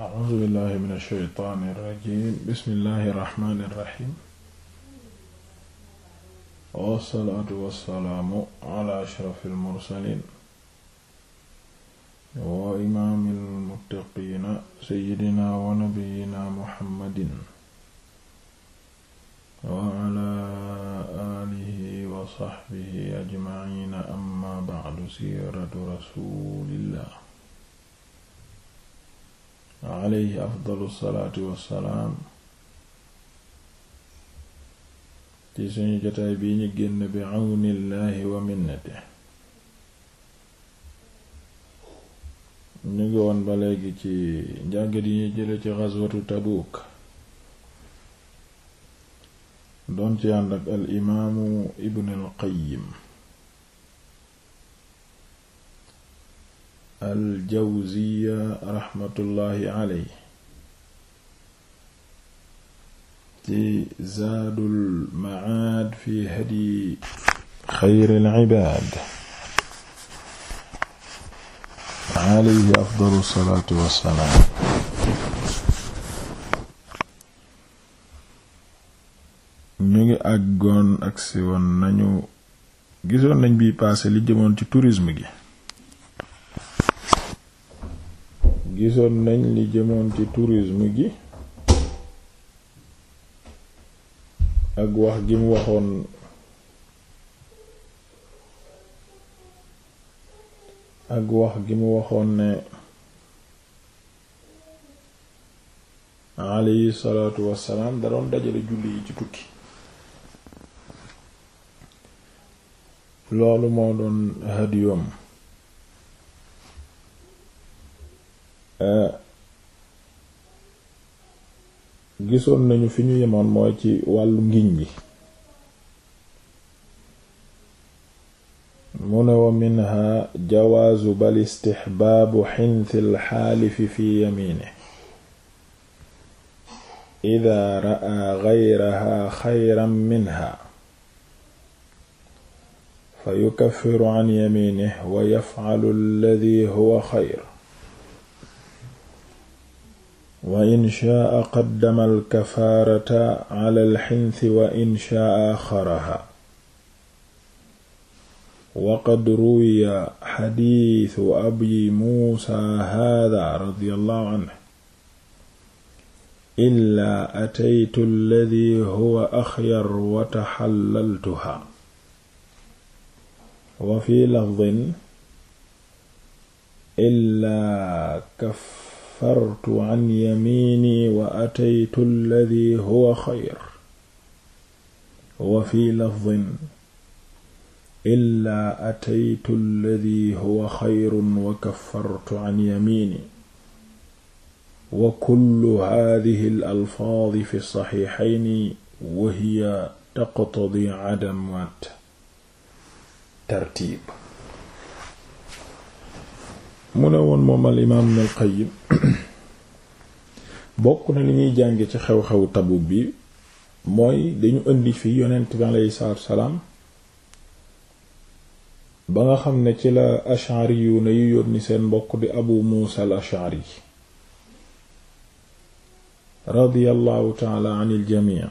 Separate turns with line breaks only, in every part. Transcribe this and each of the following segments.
a'uuzu billahi min ash-shaytaani rajiim bismillahi rahmaani rahiim wassalaatu wassalaamu ala ashrafil mursaliin wa imaamil muttaqiina sayyidina wa nabiyyina muhammadin wa ala aalihi wa sahbihi ajma'iina amma ba'du siiratu rasuulillah alayhi afdalu salaatu wassalaam ci suñu jotaay bii ñu génn bi àwnillaahi wa minnati ñu ngi woon ba léegi ci njàngat yi ñu jële ci xaswatu tabuuk doon ci ànd ak al imaamu ibn al aljawziya raxmatullaahi aley ci zaadul macaad fi hadyi xayril cibaad aleyhi afdalu salaatu wassalaam ñu ngi àggoon agsi woon nañu gisoon nañ bi paase li jëmoon ci tourisme gi gisoon nañ li jëmoon ci turism gi ak wax gi mu waxoon ak wax gi mu waxoon ne alayhi salaatu wassalaam da doon dajale julli yi ci tukki loolu moo doon hadiyoom Euh, gisoon nañu fi ñu yemoon mooy ci wàllu ngiñ gi mu ne wa minha jawaazu bal istixbaabu xintil xaalifi fi yamine ida ra'a gayraha xayran minha fa an yamine wa yafcalu alladi huwa xayr wa inshaa qaddama alkafaarata ala alxinthi wa inshaa axaraha waqad ruwiya xadiisu abi muusa haada radiyallahu anhu illaa ataytu alladhi huwa axyar wa taxallaltuha wa fi lafdin illaa kaf kafartu an yamiini wa ataytu alladhi huwa xayr wa fi lafdin illaa ataytu alladhi huwa xayrun wa kafartu an yamiini wa kullu haadihi al-alfaadhi fi saxiixayni wa hiya taqtadii cadam tartiib mu ne woon moom al imaam al qayyim bokk na li ñuy jànge ci xew xew Tabuk bi mooy dañu indi fi yonent bi aleyhi salaam ba nga xam ne ci la ashari yu ne yu yónni seen mbokk di abu muusa al ashari radiyallahu taala anil jamii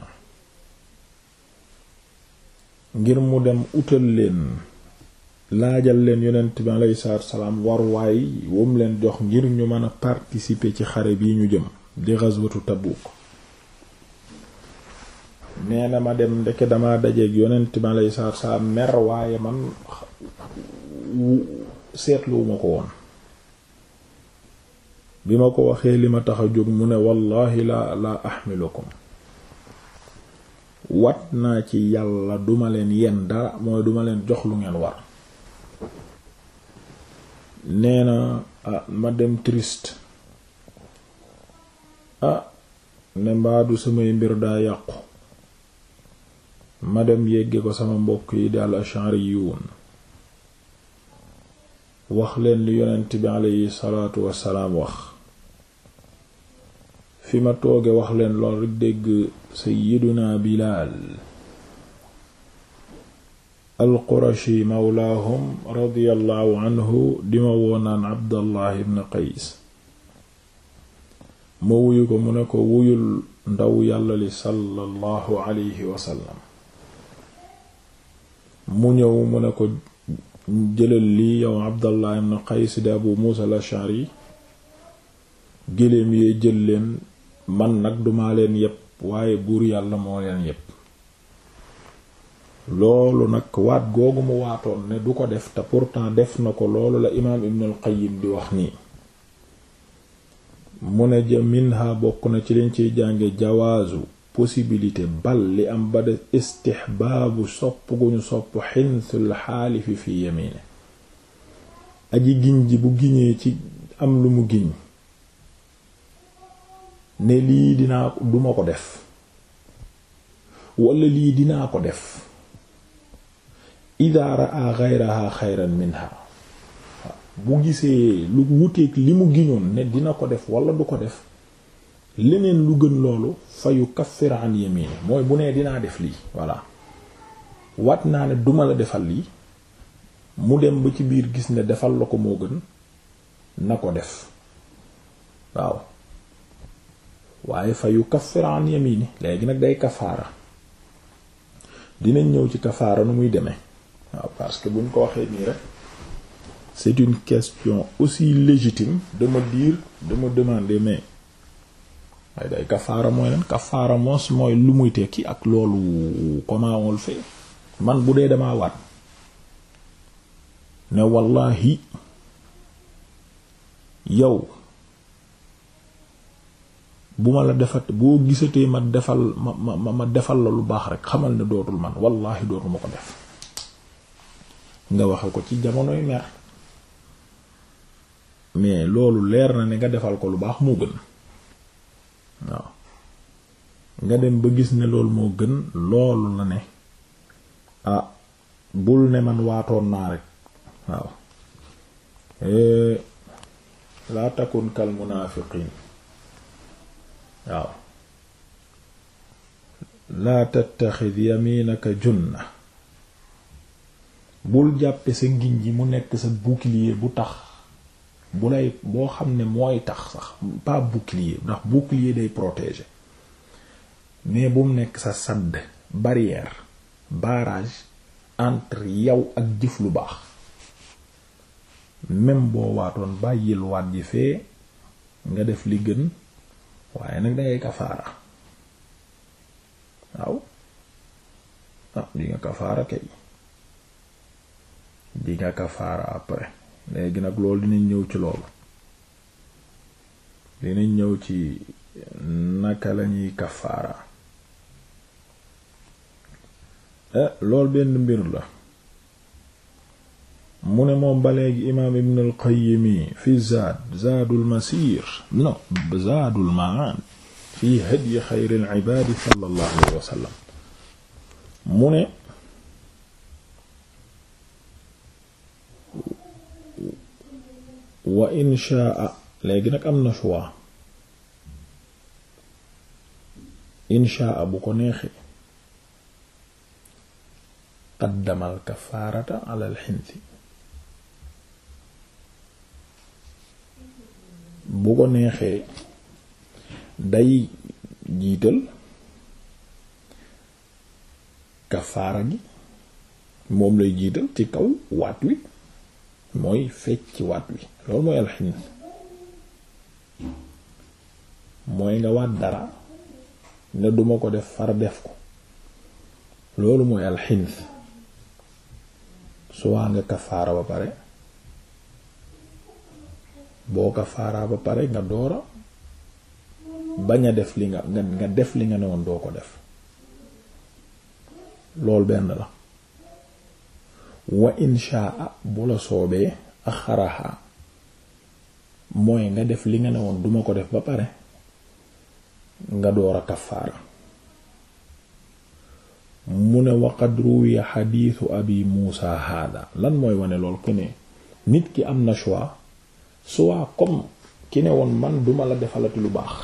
ngir mu dem utal leen laajal leen yonent bi alayhi salaatu salaam war waay wam leen jox ngir ñu mën a participer ci xare bi ñu jëm di ghazwatu Tabuk nee na ma dem ndekk dama dajeeg yonent bi alayhi salaatu salaam mer waaye man seetluwuma ko woon bi ma ko waxee li ma tax a jóg mu ne wallahi la la ahmilukum wat naa ci yàlla duma leen yen dara mooy duma leen jox lu ngeen war nee na ah ma dem triste ah ne mbaadu samay mbir daa yàqu ma dem yégge ko sama mbokk yi daal Ash'ariyuun wax waxleen lu yonent bi aleyhi salaatu wassalaam wax fi ma tooge wax leen lool rekk dégg sayyiduna Bilaal alqurashi mawlaahum radiyallahu anhu di ma woonaan abdallah ibn qays ma wuyu ko mu ne ko wuyul ndaw yàlla li sallallahu alayhi wasallam mu ñëw mu ne ko jëlal lii yow abdallah ibn qays di abu muusa al-ash'ari géléem yee jël leen man nag duma leen yépp waaye buur yàlla moo leen yépp loolu nag waat googu mu waatoon ne du ko def te pourtant def na ko loolu la imaam Ibn al-Qayyim di wax nii mu ne ja minha bokk na ci liñ ciy jànge jawaazu possibilité bal li am ba def istihbaabu sopp gu ñu sopp xinsul xaalifi fi yamine aji giñ ji bu giñee ci am lu mu giñ ne lii dinaa duma ko def wala lii dinaa ko def idaa raa ghayraha xayran minha bu gisee lu wuteeg li mu giñoon ne dina ko def wala du ko def leneen lu gën loolu fa yukaffir yamini mooy bu nee dinaa def lii voilà wat naa ne duma la defal lii mu dem ba ci biir gis ne defal la ko moo gën na ko def waaw waaye fa yukaffir yamini léegi nag day kafaara dinañ ñëw ci kafaara nu muy demee waaw parce que buñ ko waxee nii rek c'est une question aussi légitime de diir dire demande me mais ay kafaara mooy moos mooy lu muy tekki ak loolu comment on le fait man bu dee damaa waat ne wallahi yow bu ma la defat boo gisatee ma defal ma ma ma defal la lu baax rek xamal ne dootul man wallahi dootul ma ko def nga waxe ko ci jamonoy mer mais loolu leer na ne nga defal ko lu baax moo gën waaw nga dem ba gis ne loolu moo gën loolu na ne ah bul ne man waatoon naa rek waaw eh, laa takun kal munaafiqiin waaw laa tattaxid yaminaka junna bul jàppe sa ngiñ ji mu nekk sa bouclier bu tax bu boo xam ne mooy tax sax pas bouclier ndax bouclier day protéger mais bum nekk sa sadd barrière barrage entre yow ak jëf lu baax même boo waatoon bàyyil waat ji fee nga def li gën waaye nag dangay kafaara waaw ah nga kafaara kay di kafaara après léegi nag loolu dinañ ñëw ci loolu dinañ ñëw ci naka lañuy kafaara eh loolu benn mbir la mu ne moom ba léegi imaam ibn al qayyimi fi zaad zaadul masir non zaadul ma'an fi hadyi xayril ibaadi sallallahu alayhi wa mu ne wa inshaa léegi nag am na choix inshaa bu ko neexee qaddamal kafaarata alal xinsi bu ko neexee day jiital kafaara gi moom lay jiital ci kaw waat wi mooy fecc waat wi loolu mooy alxin mooy nga waat dara ne duma ko def far def ko loolu mooy alxins su waa nga kafaara ba pare boo faara ba pare nga doora bañ a def li nga nga def li nga ne woon doo ko def loolu benn la wa inshaa bu la soobee axaraha mooy nga def li nga ne woon duma ko def ba pare nga door a kafaara mu ne waqad ruwiya xadiisu abi muusa haada lan mooy wane lool que ne nit ki am na choix soit comme ki ne woon man duma la defalati lu baax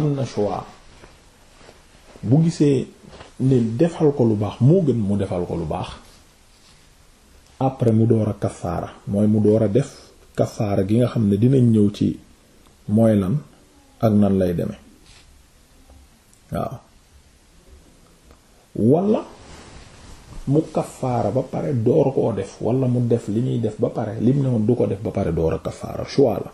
am na choix bu gisee ne defal ko lu baax moo gën mu defal ko lu baax après mu door a kafaara mooy mu door a def kafaara gi nga xam ne dina ñëw ci mooy lan ak nan lay demee waaw wala mu kafaara ba pare door koo def wala mu def li ñuy def ba pare lim ne woon du ko def ba pare door a kafaara choix la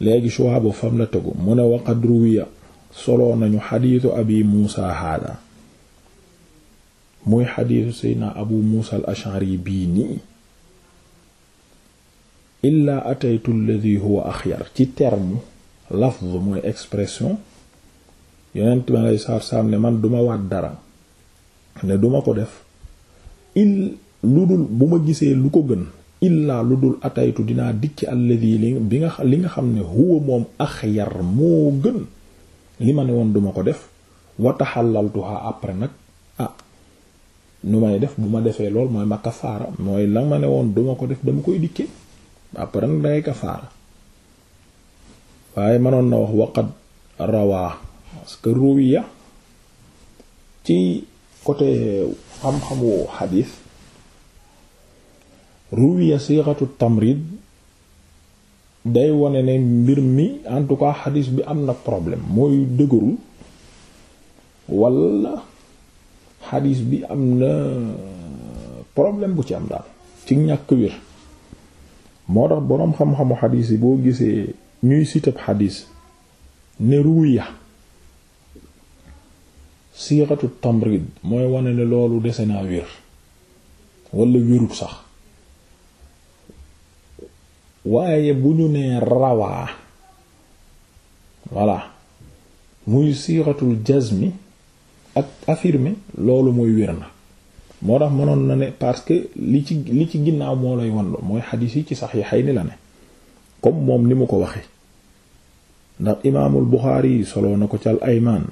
léegi choix bu fam la tegu mu ne waqad ruwiya soloo nañu xadiitu abi muusa haada muy xadiitu seydna abu muusa al ashari bii nii illaa ataytu alladhi huwa axyar ci terme lafz mooy expression yonent ma ngay saar saam ne man duma waat dara ne duma ko def il lu dul bu ma gisee lu ko gën illaa lu dul ataytu dinaa dikki alladhi li bi nga li nga xam ne huwa moom axyar moo gën li ma ne woon duma ko def wataxalaltuha après nag ah nu may def bu ma defee lool mooy ma kafaara mooy la ma ne woon duma ko def dama koy dikke après nag dangay kafaara waaye mënoon na wax waqad rawaa parce que ruwiya ci côté xam-xamu xadiis ruwiya siixatu tamrid day wone ne mbir mi en tout cas xadis bi am na problème mooy dëgërul wala xadis bi am na problème bu ci am daal ci ñàkk wir moo tax boroom xam-xamu xadis yi boo gisee ñuy sitab xadis ne ruya siixatu tamrid mooy wane ne loolu dese naa wér wala wérut sax waaye bu ñu nee rawaa voilà muy siixatul jazmi ak affirmer loolu mooy wér na moo tax mënoon na ne parce que li ci li ci ginnaaw moo lay wan loo mooy xadiis yi ci Sahihayni la ne comme moom ni mu ko waxee ndax imaamul Buxaari yi soloo na ko ci al aymaan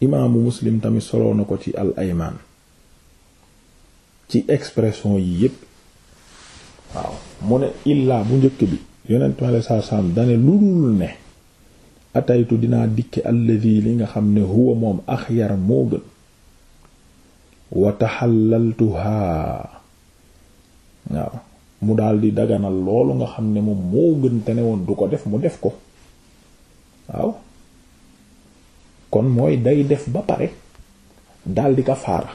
imaamu Muslim tamit soloo na ko ci al aymaan ci expression yii yépp waaw mu ne illaa bu njëkk bi yonent mi aleyhi salaatu dane lu dul ne ataytu dinaa dikki alladi li nga xam ne huwa moom axyar moo gën wa taxallaltuhaa waaw mu daldi daganal loolu nga xam ne moom moo gën te ne woon du ko def mu def ko waaw kon mooy day def ba pare daldi kafaara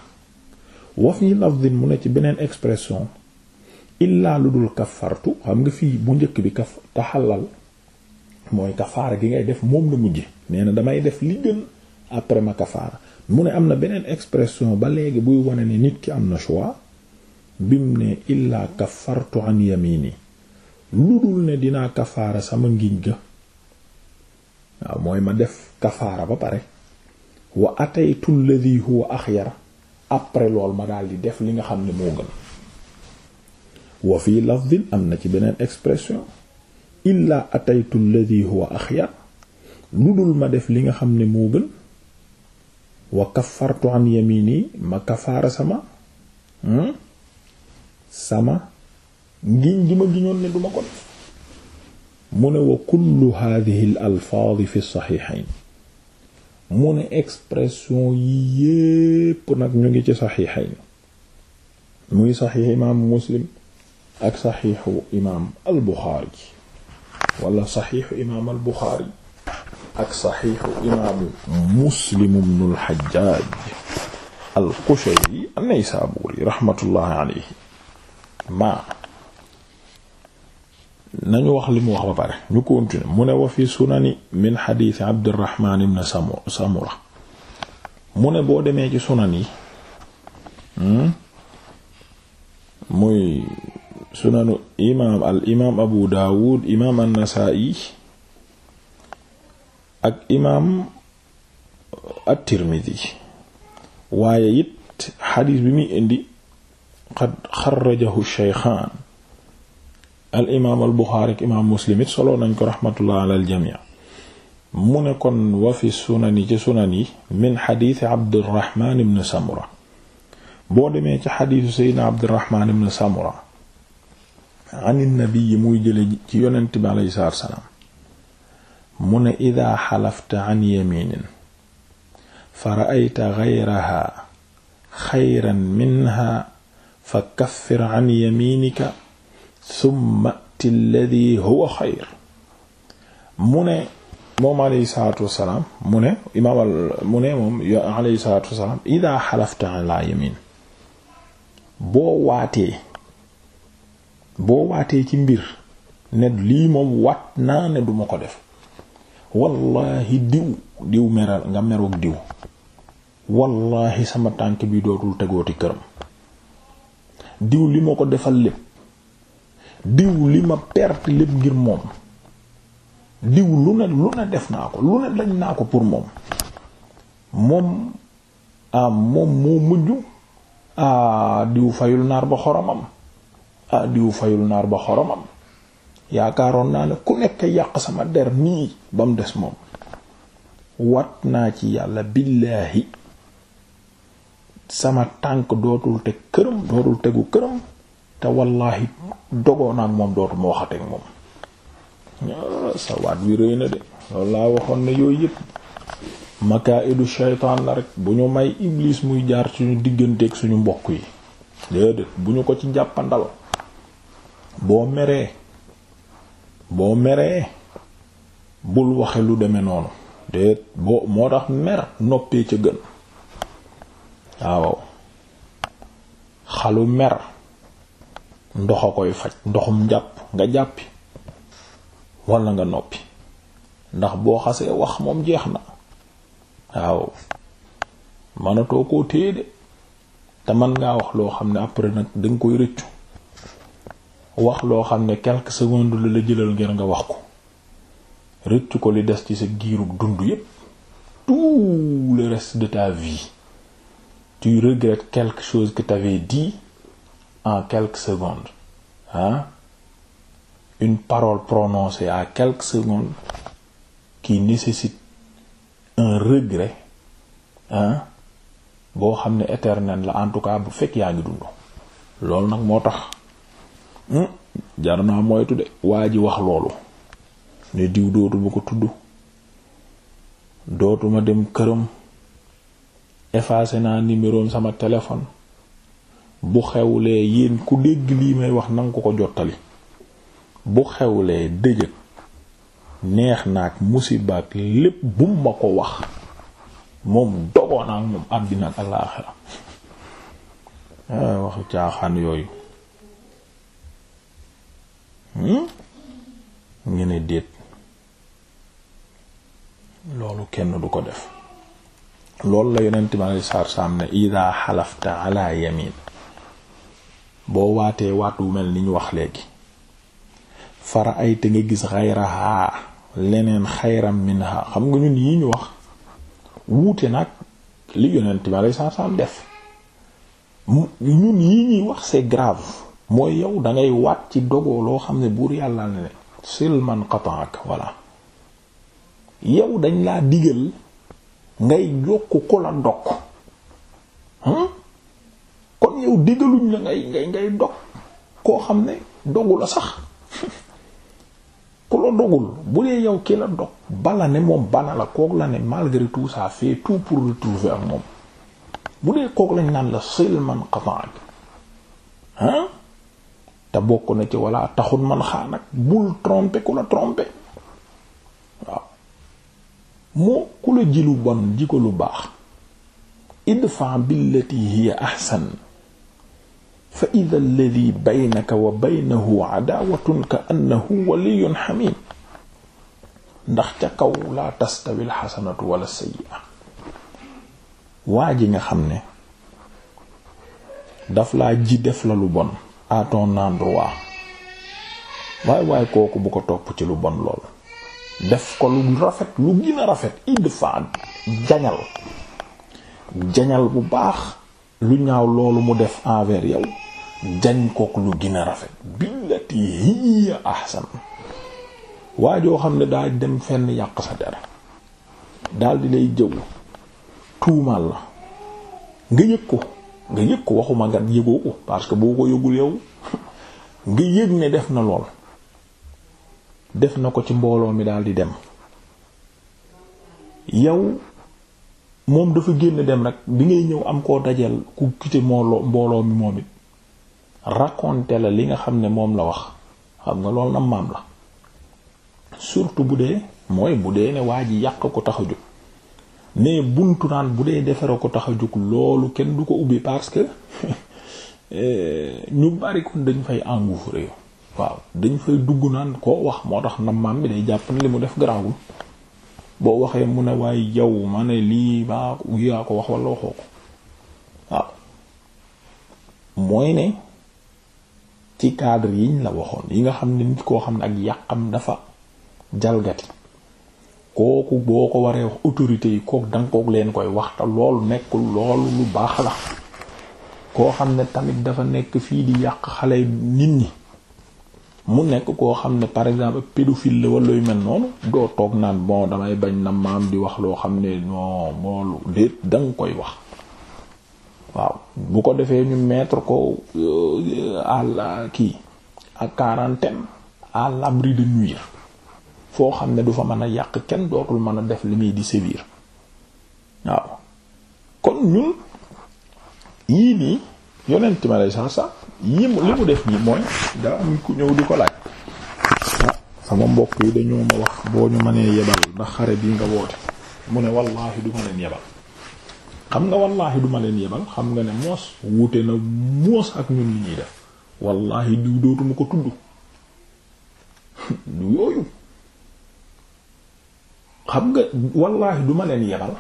wa fi lafdin mu ne ci beneen expression illaa lu dul kafartu xam nga fii bu njëkk bi kaf taxalal mooy kafaara gi ngay def moom la mujje nee na damay def li gën après ma kafaara mu ne am na beneen expression ba léegi buy wane ne nit ki am na choix bim ne illaa kafartu an yamini lu dul ne dinaa kafaara sama ngiñ ga waaw mooy ma def kafaara ba pare wa ataytu alladhi huwa axyar après lool ma daal di def li nga xam ne moo gën wa fii lafdin am na ci beneen expression illaa ataytu alladhi huwa axyar lu dul ma def li nga xam ne moo gën wa kafartu an yamini ma kafaara sama hmm? sama ngiñ gi ma ne duma ko mu ne wa kullu hadhihi al alfaadi fi saxiixayn mu ne expression yi yépp nag ñu ngi ci saxiixayn muy saxiix imaamu muslim ak saxiixu imaam al buxaari wala saxiixu imaam al buxaari ak saxiixu imaamu muslim ibnul xajjaaj al qushayri an-naysaabuuri raxmatullaahi alayhi ma wax li mu wax ba pare ñu continuer mu ne wa fi sunani min xadiisi abdurraxmaan ibn samura mu ne boo demee ci sunan yi hmm, muy sunanu imaam al imaam abu daawud imaam an-nasaa'i ak imaam uh, at-tirmidhi waaye it xadiis bi muy indi qad xarajahu shaykhaan al imaam al buxaari ak imaam muslim it solo nañ ko raxmatullah ala al jamii mu ne kon wa fi sunani ci sunan yi min xadiisi abdurrahmaan ibn samura boo demee ci xadiisu seydina abdurrahmaan ibn samura mu ne ida xalafta an yaminin fa ra'ayta gayraha xayran minha fa kaffir an yaminika summa ti lladi huwa xayr mu ne moom aleyhi salaatu wasalaam mu ne an la yamin boo waatee boo waatee ci mbir ne lii moom wat naa ne duma ko def wallahi diw diw meral nga meroog diw wallahi sama tànk bi dootul tegooti këram diw li ma ko defal lépp diw li ma perte lépp ngir moom diw lu ne lu ne def naa ko lu ne lañ naa ko pour moom moom ah moom moo mujj ah, diw fayul naar ba xoromam ah diw fayul naar ba xoromam yaakaaroon naa ne ku nekk yàq sama der nii ba mu des moom wat naa ci yàlla billaahi sama tànk dootul teg këram dootul tegu këram te wallaahi dogoo naa moom dootuma waxateeg moom sa waat wi rëy na de loolu laa waxoon ne yooyu yëpp makaidu shaytaan la rek bu ñu may iblis muy jaar suñu digganteek suñu mbokk yi déedéet bu ñu ko ci jàppandal boo meree boo meree bul waxe lu deme noonu déet boo moo tax mer noppee ca gën waaw xalu mer ndox a koy faj ndoxum jàpp nga jàppi walla nga noppi ndax boo xasee wax moom jeex na waaw mënatoo koo téye de te mën ngaa wax loo xam ne après nag danga koy rëccu wax loo xam ne quelques secondes lu la jëlal ngir nga wax ko rëccu ko li des ci sa giirug dund yépp tout le reste de ta vie tu regrettes quelque chose que t'avais di en quelque secondes ah une parole prononcée à quelque secondes qui nécessite un regret ah boo xam ne éternel la en tout cas bu fekk yaa ngi dund loolu nag moo tax hmm? jar naa moytu de waa ji wax loolu ne diw dootu bu ko tudd dootuma dem këram effacé naa numéroom sama téléphone bu xewlee yéen ku dégg lii may wax nanga ko ko jottali bu xewlee dëjëg neex naag musibaak lépp bum ma ko wax moom dogoon moom àddina ak alaaxira waxu caaxaan yooyu Hmm? nga ne déet loolu kenn du ko def loolu la yonent ma lay saar saam ne ida xalafta ala yamin boo waatee waat wu mel ni ñu wax léegi fara ay te nga gis xayrahaa leneen xayram minha xam nga ñun yi ñu wax wuute nag li yonent ma lay saar saam def ñun yi ñuy wax c'est grave mooy yow da ngay waat ci dogoo loo xam ne buur yàlla ne ne silman qataak voilà yow dañ laa digal ngay jokk ko la dog hmm? kon yow digaluñ la ngay ngay dog koo xam ne dogu la sax ku la dogul bu dee yow ki la dog bala ne moom bana la kook la ne malgré tout ça fait tout pour retrouver ak moom bu dee kook lañ naan la silman qataak hein te bokk na ci walla taxul man xaanak bul tromper ku la tromper waaw moo ku la ji lu bon ji ko lu baax idfa billati hiya ahsan fa idha alladhi baynaka wa baynahu adawatun ka ndax ca kaw laa tastawi alxasanatu wala sayyi'a waa ji nga xam ne daf laa ji def la lu bon à ton waaye waaye kooku bu ko topp ci lu bon lool def ko lu rafet lu gën a rafet idfa jañal jañal bu baax lu ñaaw loolu mu def envers yow jañ kook lu gën rafet billati hiya ahsan waa joo xam ne daa dem fenn yàq sa der daldi lay jëw tuumaal la nga yëg ko nga yëg ko waxuma nga yëgoo ko parce que boo ko yëgul yow nga yëg ne def na lool def na ko ci mbooloo mi daal di dem yow moom dafa génn dem rek bi ngay ñëw am koo dajal ku quitté mbooloo mbooloo mi moom it raconté la li nga xam ne moom la wax xam nga lool na maam la surtout bu dee mooy bu dee ne waa ji yàq ko tax a jóg mais buntu naan bu dee defare ko tax a jóg loolu kenn du ko ubbi parce que ñu bari kon dañ fay engouffré waaw dañ fay dugg naan koo wax moo tax na maam bi day jàpp ne li mu def garaawul boo waxee mu ne waaye yow ma lii baa yaa ko wax wala waxoo ko waaw mooy ne ci cadre yiñ la waxoon yi nga xam ne nit koo xam ne ak yàqam dafa jalgati kooku boo ko waree wax autorités yi kook danga kook leen koy waxta loolu nekkul loolu lu baax la koo xam ne tamit dafa nekk fii di yàq xale nit ñi mu nekk koo xam ne par exemple pédophile la wala yu mel noonu doo toog naan bon damay bañ na maam di wax loo xam ne non moolu déet dang koy wax waaw bu ko defee ñu mettre ko euh, à la kii à quarantaine à l'abri de nuire foo xam ne du fa mën a yàq kenn dootul mën a def li muy di sévir waaw kon ñun yii nii yonent ma lay sax sax yii li mu def nii mooy daa am ku ñëw di ko laaj ah sama mbokk yi dañoo ma wax boo ñu mënee yebal ndax xare bi nga woote mu ne wallaahi du ma leen yebal xam nga wallaahi du ma leen yebal xam nga ne moos wuute na moos ak ñun li ñuy def wallaahi dootuma ko tudd yooyu xam nga wallaahi duma leen yebal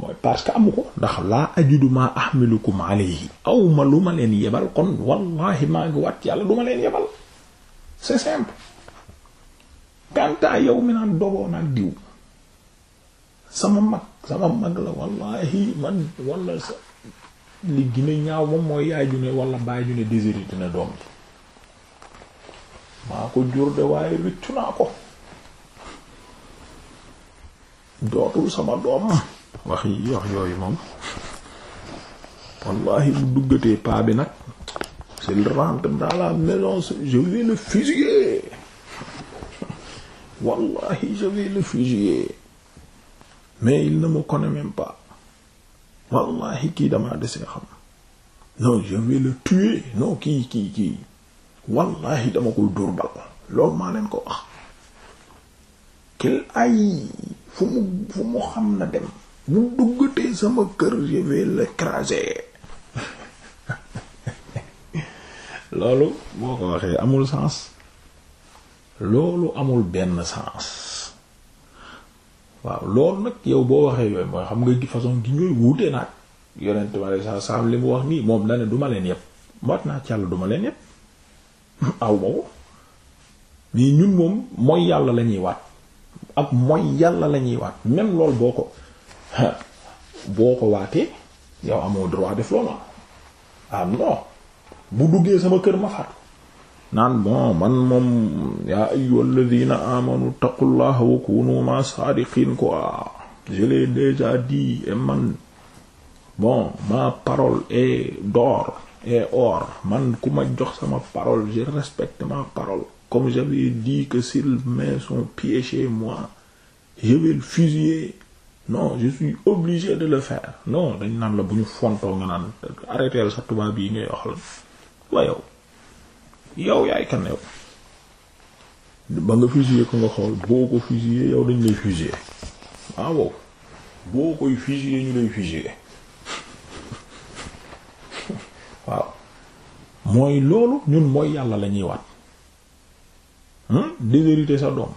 mooy parce que amu ko ndax laa ajidu maa ahmilukum alayhi awma lu ma leen yebal kon wallaahi maa ngi wat yàlla duma leen yebal c'est simple kantaa yow mi naan dogoo nag sama mag sama mag la wallaahi man wala sa li ñaaw moom mooy yaay ju ne wala baay ju ne déshérité na doom ji maa ko jur de waaye rëccu naa ko dootul sama doom wax yi wax yooyu moom wallahi bu duggatee paa bi nag s'il rentre dans la maison je vais le fusiller wallahi je vais le fusiller mais il ne me connaît même pas wallahi kii damaa desee xam non je vais le tuer non kii kii kii wallahi dama koy dóor loolu maa leen ko wax quel ay fu mu fu mu xam na dem mu duggatee sama kër je vais loolu boo ko waxee amul sens loolu amul benn sens waaw loolu nag yow boo waxee yooyu mooy xam nga façon gi ñooy wuute nag yonent ma sa saam li mu wax nii moom dane duma leen yépp mot naa ci yàlla duma leen yépp aw ma ko nii ñun moom mooy yàlla lañuy waat ab mooy yàlla lañuy ñuy waat même loolu boo ko boo ko waatee yow amoo droit def loolu ah non bu duggee sama kër ma faatu naan bon man moom yaa ayyuhal amanu taqullaha wa kunu ma sadiqin quoi je l'ai déjà dit man bon ma parole est d'or et or man ku ma jox sama parole je respecte ma parole comme j'avais dit que s'ils me sont piégés moi je vais fusiller non je suis obligé de le faire non dañ naan la bu ñu fontoo nga naan arrêteel sa tubaab yi ngay wax la waa yow yow yaay kan yow ba nga fusiller ko nga xool boo ko fusiller yow dañ lay fusiller waaw ah boo koy fusiller ñu lay fusiller waaw mooy loolu ñun mooy yàlla la ñuy wat Hmm? déshérité sa doom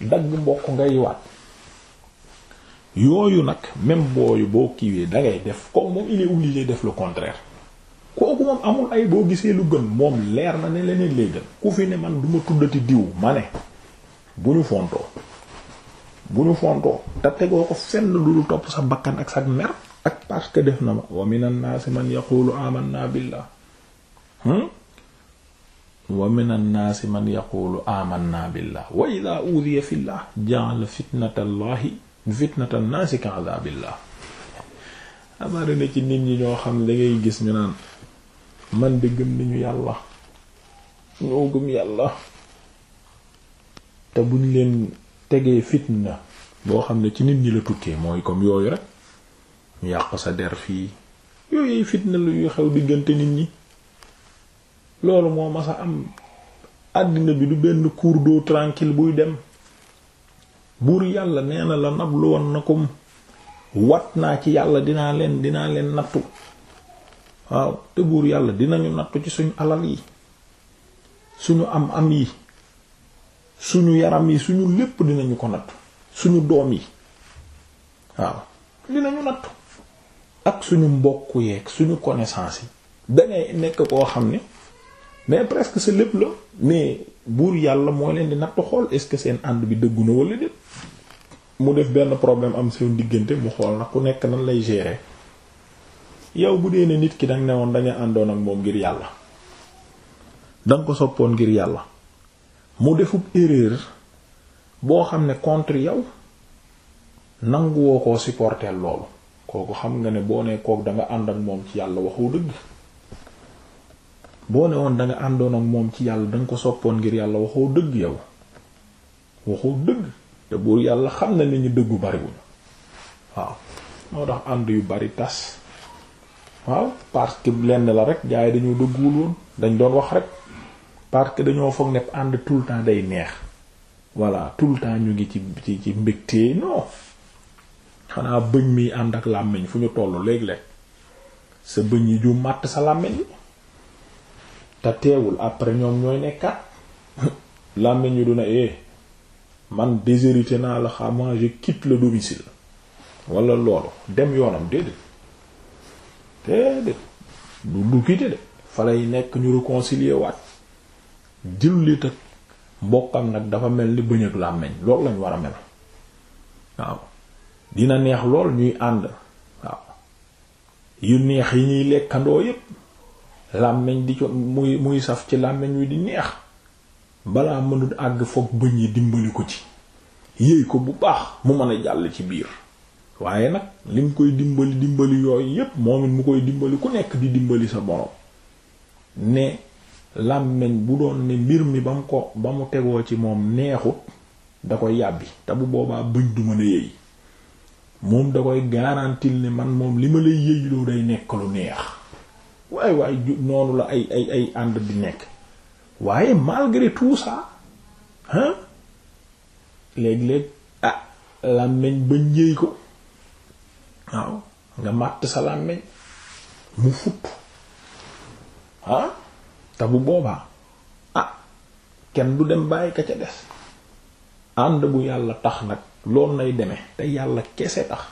dagg mbokk ngay waat yooyu nag même booyu boo kiiwee dangay def kooku moom il est def lu contraire kooku moom amul ay boo gisee lu gën moom leer na ne leneen lay gën ku fi ne man duma tuddati diw ma ne bu ñu fontoo bu ñu fontoo te tegoo ko fenn lu topp sa bakkan ak sa mer ak parce que def na ma wa minan naasi man yaqulu amanna billah hmm? wa min annaasi man yaquulu amanna billah wa ida udiya fi llah ja'ala fitnata allahi fitnata annaasi na ci nit ñi ñoo xam ne dangay gis ñu naan man di gëm nañu yàlla ñoo gëm yàlla te buñ leen tegee fitna boo xam ne ci nit ñi la tukkee mooy comme yooyu rek ñu yàq sa der fii yooyu fitna lu yu xew diggante nit ñi loolu moo masa am àddina bi du benn cours d'eau tranquille buy dem buur yàlla nee na la nab lu woon na ko wat naa ci yàlla dinaa leen dinaa leen nattu waaw te buur yàlla dinañu nattu ci suñu alal yi suñu am am yi suñu yaram yi suñu lépp dinañu ko nattu suñu doom yi waaw dinañu nattu ak suñu mbokk yeeg suñu connaissance yi dangay nekk koo xam ne mais presque sa lépp la mais buur yàlla moo leen di natt xool est-ce que seen ànd bi dëggu na wala déet mu def benn problème am seen diggante mu xool nag ku nekk nan lay gérer yow bu dee ne nit ki danga ne woon danga àndoon ak moom ngir yàlla danga ko soppoon ngir yàlla mu defub erreur boo xam ne contre yow nanguwoo ko supporter loolu kooku xam nga ne boo ne kook danga ànd ak moom ci yàlla waxu dëgg boo ne woon da àndoon ak moom ci yàlla da ko soppoon ngir yàlla waxoo dëgg yow waxoo dëgg te buur yàlla xam na li ñu dëggu bariwuñu waaw moo tax ànd yu bari tas waaw parce que lenn la rek jaay yi dañoo dëgguwul woon dañ doon wax rek parce que dañoo foog ne ànd tout le temps day neex voilà tout le temps ñu ngi ci ci ci mbégte non xanaa bëñ mi ànd ak làmmiñ fu ñu toll léeg-léeg sa bëñ yi ju màtt sa làmmiñ yi te teewul après ñoom ñooy nekkat làmmiñ ñu duna eh man déshérité naa la xama je quitte le domicile loolu dem yoonam déedéet déedéet du du quitte de fa nekk ñu réconcilier waat jullit ak mbokkam nag dafa mel ni bëñ ak làmmiñ loolu lañ war a mel waaw dina neex lool ñuy ànd waaw yu neex yi ñuy lekkandoo yépp làmmiñ di ko muy muy saf ci làmmiñ wi di neex balaa mënul àgg foog bëñ yi dimbali ko ci yéey ko bu baax mu mën a jàll ci biir waaye nag lim koy dimbali dimbali yooyu yépp moom it mu koy dimbali ku nekk di dimbali sa borom ne làmmiñ bu doon ne mbir mi ba mu ko ba mu tegoo ci moom neexut da koy yàbbi te bu boobaa bëñ du mën a yéey moom da koy garantil ne man moom li ma lay yéeyloo day nekk neex waaye waaye noonu la ay ay ànd di nekk waaye malgré tout ça hein léeg-léeg ah làmmeñ ba njëy ko waaw nga màtt sa làmmeñ mu futt ah te boobaa ah kenn du dem bàyyi ka ca des ànd bu yàlla tax nag loolu nay demee te yàlla kese tax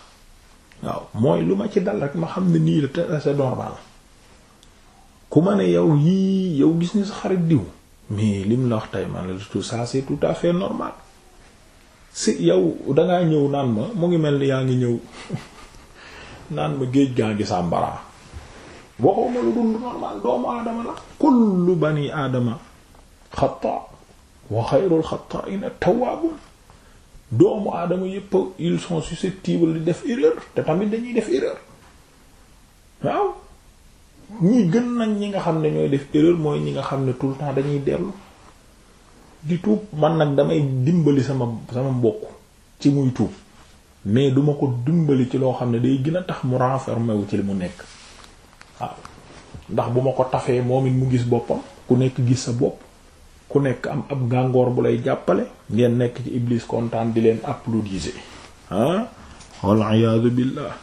waaw mooy lu ma ci dal rek ma xam ne nii la te c'est normal ku ma ne yow yii yow gis ni sa xarit diw mais lim la wax tey man la tout ça c'est tout à normal si yow dangaa ñëw naan ma mu ngi mel ni yaa ngi ñëw naan ma géej gaa ngi sàmbaraa waxoo ma lu dul normal doomu aadama la kullu bani aadama xataa wa xayrul xataa'ina tawwaabun doomu aadama yépp ils sont susceptibles di def erreur te tamit dañuy def erreur waaw ñi gën nañ ñi nga xam ne ñooy def erreur mooy ñi nga xam ne tout le temps dañuy dellu di tuub man nag damay dimbali sama sama mbokk ci muy tuub mais duma ko dimbali ci loo xam ne day gin a tax mu renfermé wu ci li mu nekk waaw ndax bu ma ko tafee moom it mu gis boppam ku nekk gis sa bopp ku nekk am ab gàngoor bu lay jàppale ngeen nekk ci iblis kontaan di leen applaudiser ah wal iyaadu billah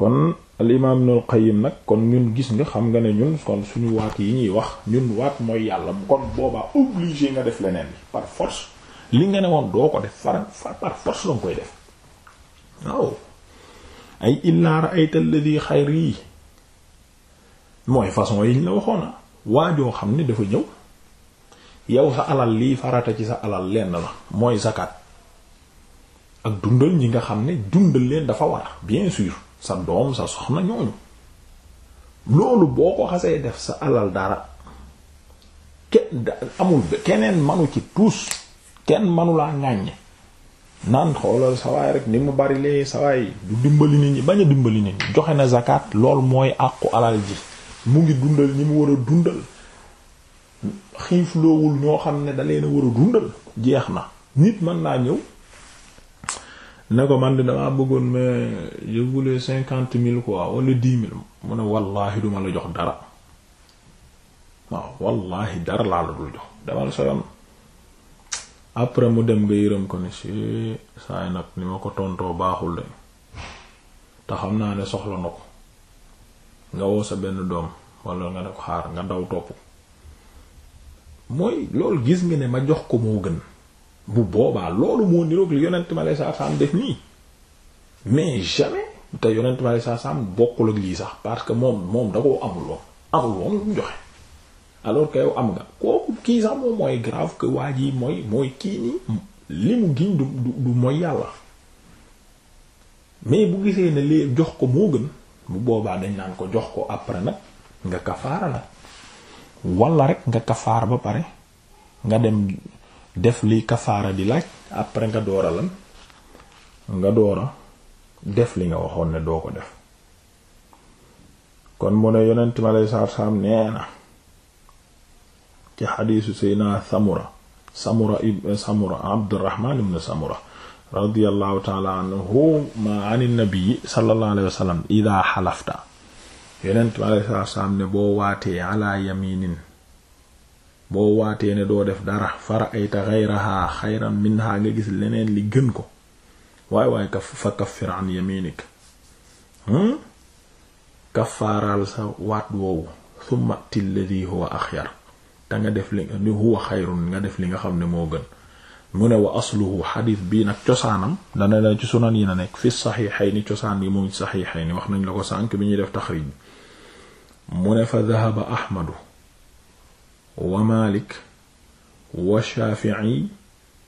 kon al imaam Ibnul nag kon ñun gis nga xam nga ne ñun kon suñu waat yi ñuy wax ñun waat mooy yàlla kon boobaa obligé nga def leneen par force li nga ne woon doo ko def far force la koy def waaw ay illaa ay alladhi xayr yi mooy façon yi ñu la waxoona waajoo xam ne dafa ñëw yow sa alal lii farata ci sa alal lenn la mooy zakat ak dundal ñi nga xam ne dundal leen dafa war bien sûr sa doom sa soxna ñooñu loolu boo ko xasee def sa alal dara kenn amul keneen manu ci tuus kenn manulaa ŋàññe naan xoolal sawaay rek ni mu bari lee sawaay du dimbali nit ñi bañ dimbali ni ñi joxe na zakat lool mooy àqu alal ji mu ngi dundal ñi mu war a dundal xiif loowul ñoo xam ne da leen war a dundal jeex na nit mën naa ñëw ne ko man de damaa bëggoon mais je cinquante mille quoi walla dix mille mu ne wallaahi duma la jox dara waaw wallaahi dara laa la dul jox dama la soyoon après mu dem nga yërëm ko ni si saay nag ni ma ko tontoo baaxul de te xam naa ne soxla na ko nga woo sa benn doom walla nga ne ko xaar nga daw topp mooy loolu gis ngi ne ma jox ko moo gën bu boobaa loolu moo niroog li yonent ma lay saa saam def nii mais jamais te yonent ma lay saa saam bokkul ak lii sax parce que moom moom da koo amul woon amul joxe alors que nga kooku kii moom mooy grave que waa ji mooy mooy kii nii li mu giñ du du mooy yàlla mais bu gisee ne lee jox ko moo gën bu boobaa dañ naan ko jox ko après nag nga kafaara la wala rek nga kafaar ba pare nga dem. def li kafaara di laaj après nga doora lan nga doora def li nga waxoon ne doo ko def kon mu ne yonent mi aleyhi salaatu salaam nee ci xadiisu Seydina Samura Samura ibn Samura Abdurrahman ibn Samura radiyallahu ta'ala anhuma an nabi sallallahu alayhi wa sallam idaa xalafta yonent salaam ne boo waatee ala yaminin boo waatee ne doo def dara fara ayta xayraha xayran minha nga gis leneen li gën ko waaye waaye ka fa kaffir an yaminik hmm? kafaaraal sa waat woowu thumma tilladi huwa yar te nga def li huwa xayrun nga def li nga xam ne moo gën mu ne wa asluhu xadis bii nag cosaanam dana la ci sunan yi na nekk fi ni cosaan yi moom mu saxiixayni wax nañ la ko sànk bi ñuy def taxriij mu ne fa dahaba ahmadu wa Malik wa Shafi'i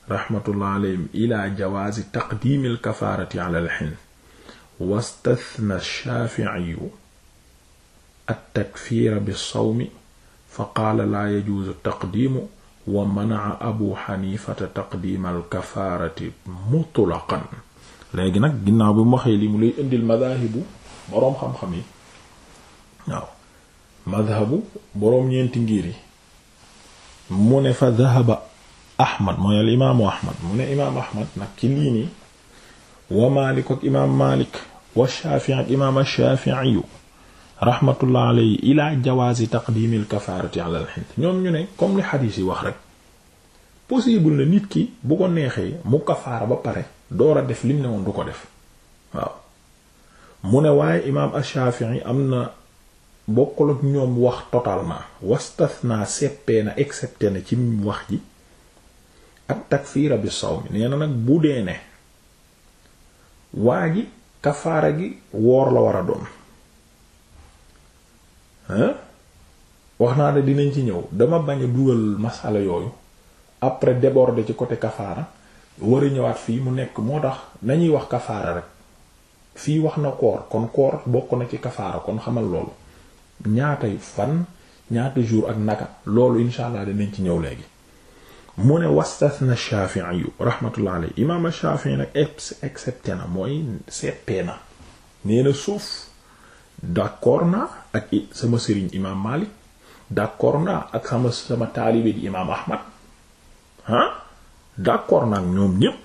raxmatullah alayhim ila jawaazi taqdiimi alkafaarati ala alxin wastathna Shafi'i attakfiira bisawmi fa qaala laa yajuuzu taqdiimu wa mana'a abu xanifata taqdiima alkafaarati mutlaqan léegi nag ginnaaw bi mu waxee li mu lay indil madaahibu boroom xam-xam yi waaw madhabu boroom ñeenti ngir yi mu ne fa dhahaba ahmad mooy al imaamu ahmad mu ne imaam ahmad nag ci lii nii wa ak imaam malik wa shaafi'i ak imaam shaafi'i rahmatullah alayhi ila jawaazi taqdiimi al kafaarati ala al hind ñoom ñu ne comme li xadiis yi wax rek possible na nit ki bu ko neexee mu kafaara ba pare door a def lim ne woon du ko def waaw mu ne waaye imaam ash-Shafi'i am na bokkul ak ñoom wax totalement naa seppee na excepte na ci wax ji ak takfiira bi saw mi nee nag bu dee ne waa ji kafaara gi woor la war a doon hein wax naa ne dinañ ci ñëw dama bañ a dugal masala yooyu après déborder ci côté kafaara war ñëwaat fii mu nekk moo tax nañuy wax kafaara rek fii wax na koor kon koor bokk na ci kafaara kon xamal loolu ñaatay fan ñaata jour ak naka loolu incha allah dinañ ci ñëw léegi mu ne wastasna Shafi'i rahmatullah alayhi imaam Shafi'i nag excepté na mooy seppee na nee suuf d'accord naa ak sama sëriñ imaam Malik d'accord naa ak sama sama taalibe di imaam Ahmad ah d'accord naa ak ñoom ñépp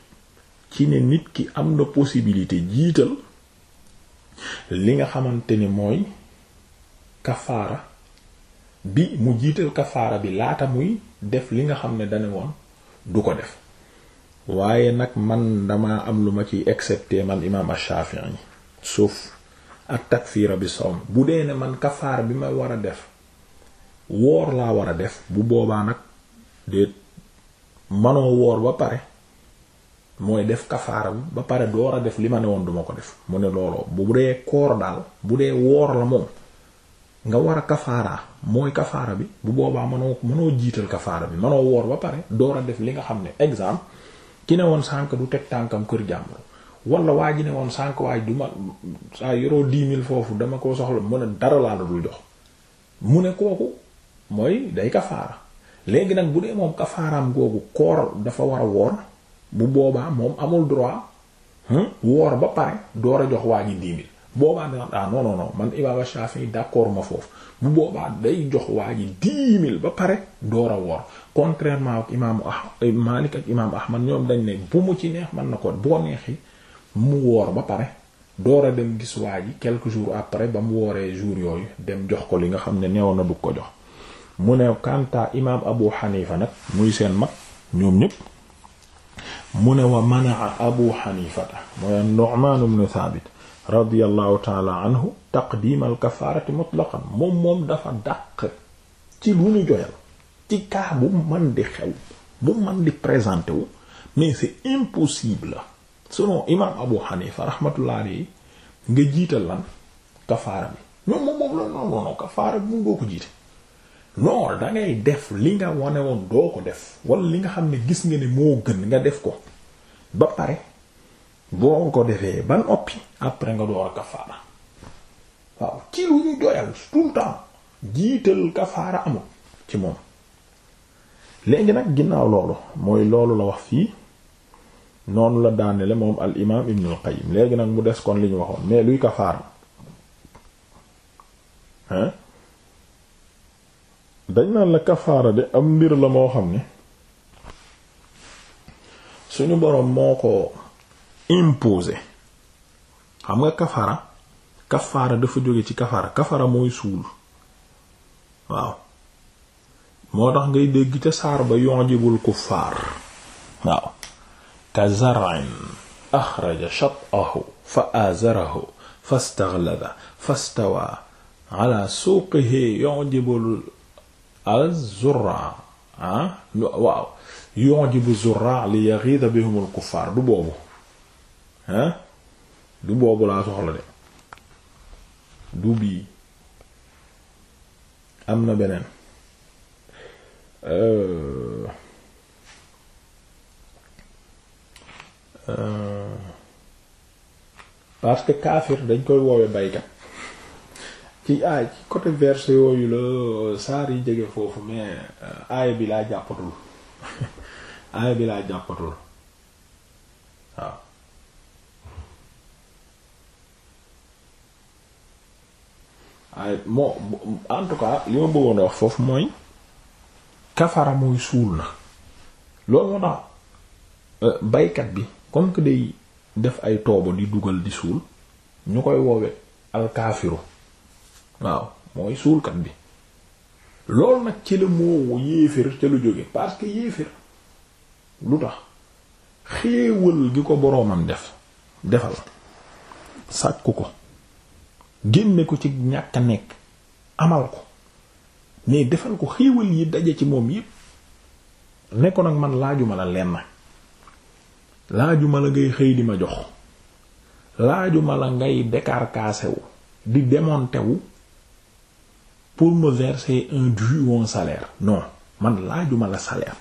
ci ne nit ki am na possibilité jiital li nga xamante ni mooy kafaara bi mu jiital kafaara bi laata muy def li nga xam ne dane woon du ko def waaye nag man dama am lu ma ci excepté man imaam Ash-Shafi'i sauf ak takfiira bi sawm bu dee ne man kafaara bi ma war a def woor laa war a def bu boobaa nag déet manoo woor ba pare mooy def kafaara bi ba pare door a def li ma ne woon duma ko def mu ne looloo bu dee koor daal bu dee woor la moom nga war a kafaara mooy kafaara bi bu boobaa mënoo mënoo jiital kafaara bi mënoo woor ba pare door a def li nga xam ne exemple ki ne woon sànq du teg tànkam kër jàmbur wala waa ji ne woon sànq waay du ma saa mille foofu dama koo soxla mu ne dara laa la dul mu ne kooku mooy day kafaara léegi nag bu dee moom kafaaraam googu koor dafa war a woor bu boobaa moom amul droit hmm, woor ba pare door a jox waa ji dix boobaa da ah non non non man imaam Shafi'i d'accord ma foofu bu boobaa day jox waa ji dix ba pare door a woor contrairement ak imaamu ah Malik ak imaamu Ahmad ñoom dañ ne bu ci neex man na ko boo neexi mu woor ba pare door a dem gis waa ji quelques jours après ba mu wooree jours yooyu dem jox ko li nga xam ne neewoon na bëgg ko jox mu ne kanta imaam Abu Hanifa seen mag ñoom ñëpp mu ne wa manaa Abu Hanifata mooy Nu'man ibn Thabit radiyallahu taala anhu taqdim al kafaarati mutlaqan moom moom dafa dàq ci lu ñu joyal ci cas bu man di xew bu man di présenté wu mais c'est impossible selon imam Abu Hanifa rahmatullah alayhi nga jiital lan kafaara bi ñoom moom moom la non non non kafaara bi mun doo ko jiite non da def li nga wane woon doo ko def wala li nga xam ne gis nga ne moo gën nga def ko ba pare boo ko defee ba noppi après nga door a kafaara waaw ci lu ñu doyal tout jiital kafaara amul ci moom léegi nag ginnaaw loolu mooy loolu la wax fii noonu la daanele moom al imaam ibn al léegi nag mu des kon li ñu waxoon mais luy kafaara hein dañ naan la kafaara de am mbir la moo xam ne suñu boroom moo ko imposé xam nga kafara kafaara dafa jóge ci kafara kafara mooy suul waaw moo tax ngay dégg ca saar ba yu'jibul kuffaar waaw ka zar'in axraja shat'ahu fa azarahu fastaghlaba fastawa ala suuqihi yu'jibul az-zurra ah? waaw yu'jibu zurra li yaghiza bihumul kuffaar du boobu hein du boobu laa soxla de du bii am na beneen euh euh parce que kaafir dañ koy woowe baykat ci aay ci côté verset yooyu la euh, saar yi jege foofu mais euh, aaya bi laa jàppatul aaya bi laa jàppatul waaw waaye moo en tout cas li ma bëggoon a wax foofu mooy kafara mooy suul na loolu moo tax euh, baykat bi comme que day def ay toobo di dugal di suul ñu koy woowe alkaafiru waaw mooy suulkat bi loolu nag ci la moo yéefér ca lu jóge parce que yéefér lu tax xéewal gi ko boroomam def defal sàkku ko génne ko ci ñàkk nekk amal ko mais defal ko xiiwal yi daje ci moom yépp ne ko nag man laajuma la lenn laajuma la ngay xëy di ma jox laajuma la ngay décarcassé wu di démonté wu pour me verser un dû ou un salaire man laajuma la salaire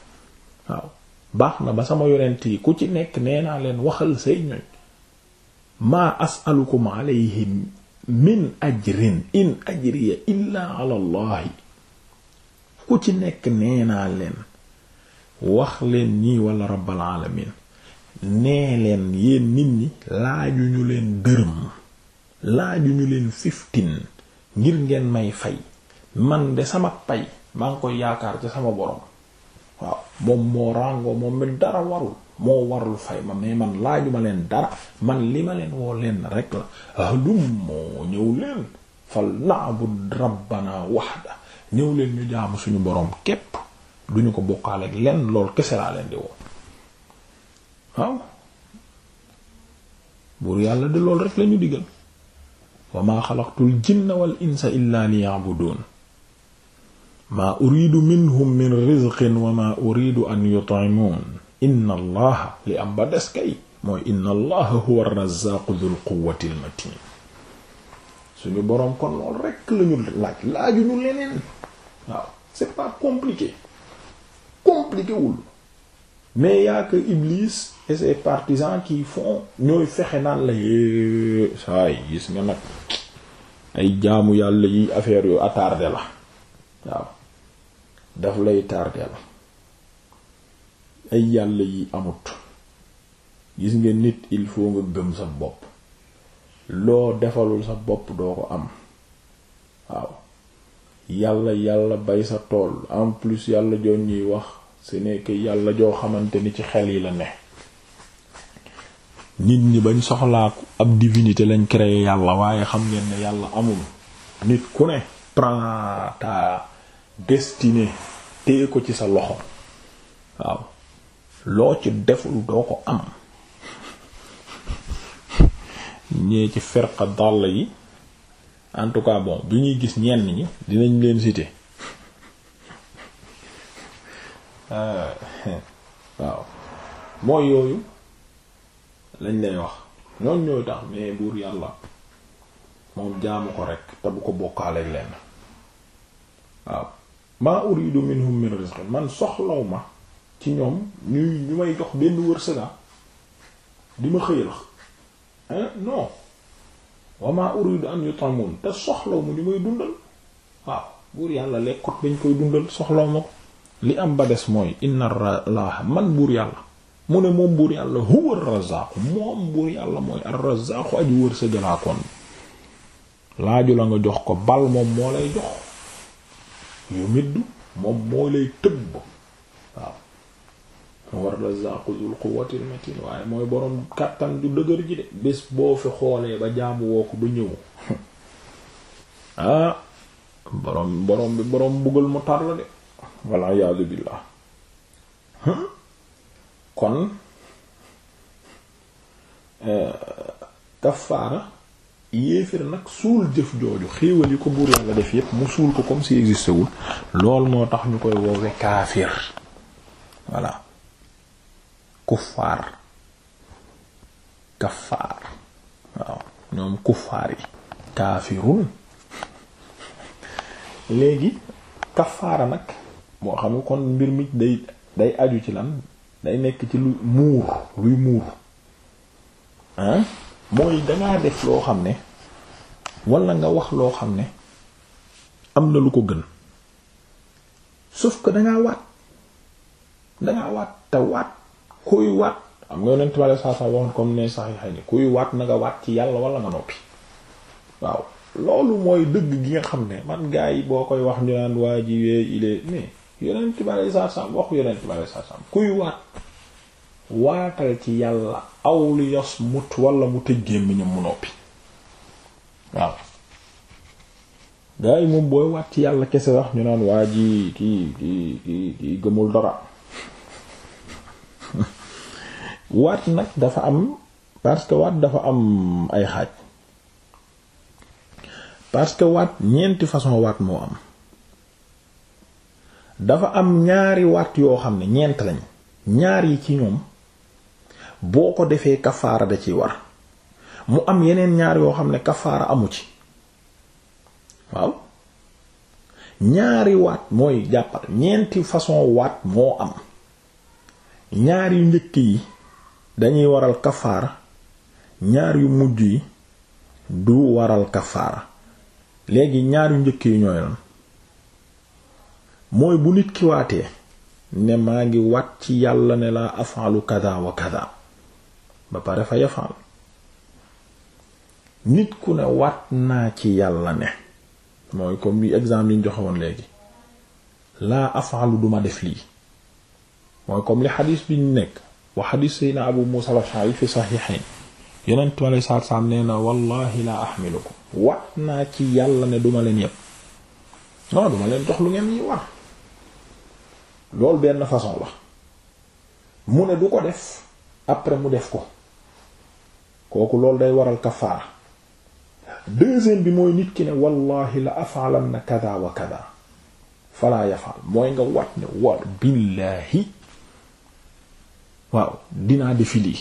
waaw baax na ba sama yonent yi ku ci nekk nee naa leen waxal say ñoñ maa as'alukum alayhim min ajrin in ajriya illaa ala ku ci nekk nee naa leen wax leen ñii wala rabbal alamin nee leen yéen nit ñi laaju ñu leen dërëm laaju ñu leen fiftin ngir ngeen may fay man de sama pay maa ngi koy yaakaar ci sama borom waaw moom moo ràngoo moom mi dara warul moo warul fay ma mais man laajuma leen dara man li ma leen woo leen rek la halum moo ñëw leen fal na'bud rabbana wahda ñëw leen ñu jaamu suñu boroom képp duñu ko bokkaale ak leen lool kese laa leen di woo waaw buur yàlla de lool rek lañu digal wa ma xalaqtul jinna minhum min rizqin wa ma uridu an yut'imun inna allaha li am ba des kay mooy inna allaha huwa ar-razzaqu dhul quwwati al-matin suñu boroom kon lool rekk lañu laaj laajuñu leneen waaw c'est pas compliqué compliqué mais y a que Iblis et ses partisans qui font ñooy fexe naan la eh, saa yi gis nga nag ay jaamu yàlla yi affaire yu attardé la waaw daf lay tardé la ay yàlla yi amut gis nga nit il faut nga gëm sa bopp loo defalul sa bopp doo ko am waaw yàlla yàlla bay sa tool en plus yàlla joon ñuy wax ce n'est yàlla joo xamante ni ci xel yi la ne nit ñi bañ soxlaa ab divinité lañ créé yàlla waaye xam ngeen ne yàlla amul nit ku ne prends ta destinée téye ko ci sa loxo waaw loo ci deful doo ko am ñee ci firqa dàll yi en tout cas bon bi ñuy gis ñenn ñi dinañ leen citer ah, waaw mooy yooyu lañ lay wax ñoon ñooy tax mais buur yàlla moom jaamu ko rek te bu ko bokkaaleeg leen waaw maa uridu minhum min rizqin man soxlaw ma ci ñoom ñuy ñu may jox benn wërsëga di ma xëyal non wama uridu an yutamun te soxlaw mu ñu may dundal waaw buur yàlla lekkut bañ koy dundal soxlaw ma ko li am ba des mooy inna allaha man buur yàlla mu ne moom buur yàlla huwa ar-razzaq moom buur yàlla mooy ar-razzaq aji wërsëgalaa kon laaju la nga jox ko bal moom moo lay jox yu middu moom moo lay tëbb war razaqu dul quwwatil matin waaye mooy boroom kàttan ju dëgër ji de bés boo fi xoolee ba jaamu woo ko ba ñëw ah boroom boroom bi boroom buggal mu tar la de walla iyaadu billaah kon eh, kafaara yéefir nag suul jëf jooju xéewal yi ko buur yàlla def yépp mu suul ko comme si existé wul loolu moo tax ñu koy woowe kaafir voilà kuffaar kaffaar waaw ñoom kuffaar yi kaafirun léegi kafaara nag moo xam ne kon mbir mi day day aju ci lan day nekk ci lu muur luy muur ah mooy dangaa def loo xam ne walla nga wax loo xam ne am na lu ko gën sauf que dangaa waat dangaa waat te waat kuy waat am nga yonent ma la saa saa waxoon comme ne sax yi kuy waat na nga waat ci yàlla wala nga noppi waaw loolu mooy dëgg gi nga xam ne man gaa yi boo koy wax ñu naan waa ji wee ilee mais yonent ma ci yàlla aw li yos mut wala mu tëj gémmiñam mu noppi waaw gaa yi moom booy waat ci yàlla kese wax ñu naan waa ji kii kii kii kii gëmul dara waat nag dafa am parce que waat dafa am ay xaaj parce que waat ñeenti façon waat moo am dafa am ñaari waat yoo xam ne ñeent lañ ñaar yi ci ñoom boo ko defee kafaara da ciy war mu am yeneen ñaar yoo xam ne kafaara amu ci waaw ñaari waat mooy jàppal ñeenti façon waat moo am ñaar yu njëkk yi dañuy waral kafaara ñaar yu mujj yi du waral kafaara léegi ñaar yu njëkk yi ñooy lan mooy bu nit ki waatee ne maa ngi wat ci yàlla ne laa afaalu kada wa kada ba pare fa yafaal nit ku ne wat naa ci yàlla ne mooy comme bi exemple yi ñu léegi laa afaalu duma def lii mooy comme li xadiis bi ñu nekk wa xadiis sayna abu muusa al-ash'ari fi saxiixayn yonent mi alay salaatu salaam nee wallahi laa axmilukum wat naa ci yàlla ne duma leen yépp non duma leen jox lu ngeen yi war loolu benn façon la mu ne du ko def après mu def ko kooku loolu day waral kafaara deuxième bi mooy nit ki ne wallahi la afaalan na kada falaa yafaal mooy nga wat ne war billaahi waaw dinaa defi lii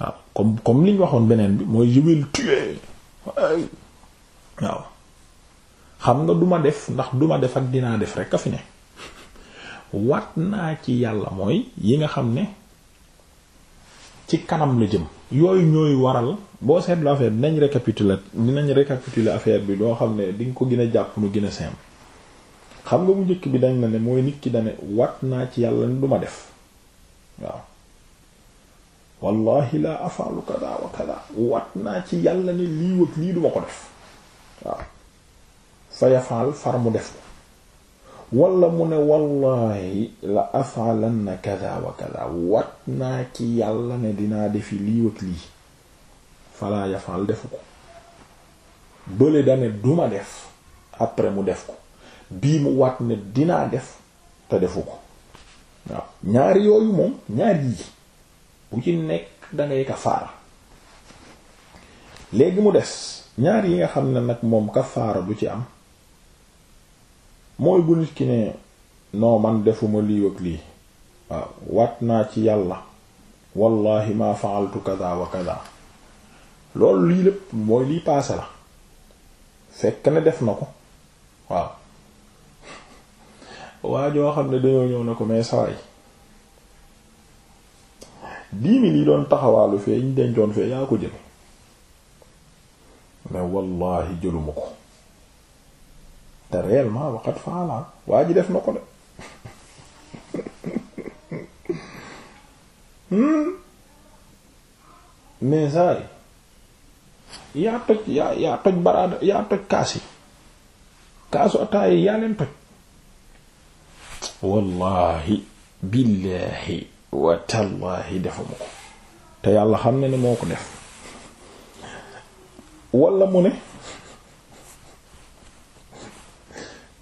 waaw comme comme liñ waxoon beneen bi mooy je vais waaw xam nga duma def ndax duma def ak dinaa def rek a fi ne wat naa ci yàlla mooy yi nga xam ne ci kanam la jëm yooyu ñooy waral boo seetlu affaire dinañ récapituler dinañ récapituler affaire bi loo xam ne di nga ko gën a jàpp nu gën a xam nga mu njëkk bi dañ la ne mooy nit ki dane wat naa ci yàlla ne duma def waaw wallahi la afalu kada wa wat naa ci yàlla ni lii lii duma ko def waaw fa yafaal far mu def ko wala mu ne wallahi la afalanna kada wa wat naa ci yàlla ne dinaa defi lii wëg lii falaa yafaal defu ko bële dane duma def après mu def ko bii mu wat ne dinaa def te defu ko waaw ñaari yooyu moom ñaari yi bu ci nekk dangay kafaara léegi mu des ñaar yi nga xam ne nag moom kafaara du ci am mooy bu nit ki ne non man defuma lii lii waaw waat naa ci yàlla wallahi ma fa'altu kaza wa loolu lii lépp mooy lii paase la fekk ne def na ko waaw waa joo xam ne dañoo ñëw na ko mais sawaay lii mille doon taxawaalu fee ñu dencoon fee yaa ko jël mais wallahi jëluma ko te réellement waxat faala waa ji def na ko de hmm? mais saay yaa toj yaa toj baraada yaa toj kaas yi kaasu ataaya yaa leen toj wallahi billaahi watallaahi defuma ko te yàlla xam ne ni moo ko def wala mu ne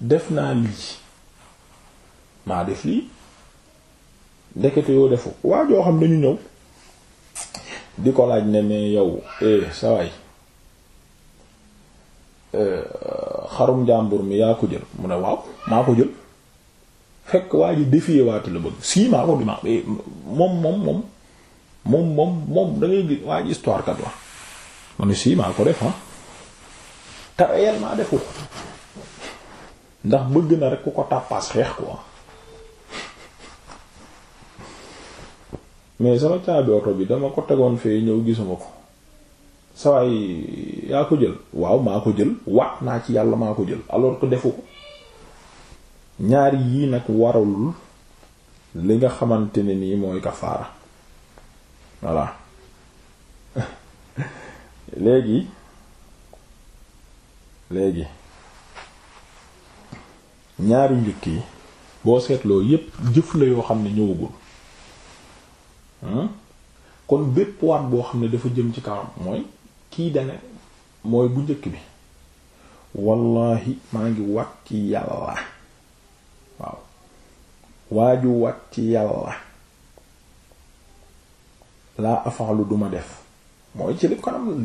def naa lii maa def lii ndekete yoo defu waa joo xam dañu ñëw di ko laaj ne mais yow eh saway eh, xarum jàmbur mi yaa ko jël mu ne waaw maa ko jël fekk waa ji défier waatu la bëgg sii maa ko dimaa moom moom moom moom moom moom da gis waa ji histoire kat wax ma sii maa ko def ah te réellement defu ndax bëgg na rek ku ko tàppaas xeex quoi mais bi dama ko tegoon fee ñëw gisuma ko sawaay yaa ko jël waaw maa ko jël waat naa ci yàlla maa ko jël alors ko defu ko ñaari yii nag waralul li nga xamante ne nii mooy kafaara voilà léegi léegi ñaari njëkk yi boo seetloo yépp jëf la yoo xam ne ñëwagul hmm? kon bépp waat boo xam ne dafa jëm ci kawam mooy kii dane mooy bu njëkk bi wallahi maa ngi waat ci yàlla waaju wat ci yàlla laa afalu duma def mooy ci li kanam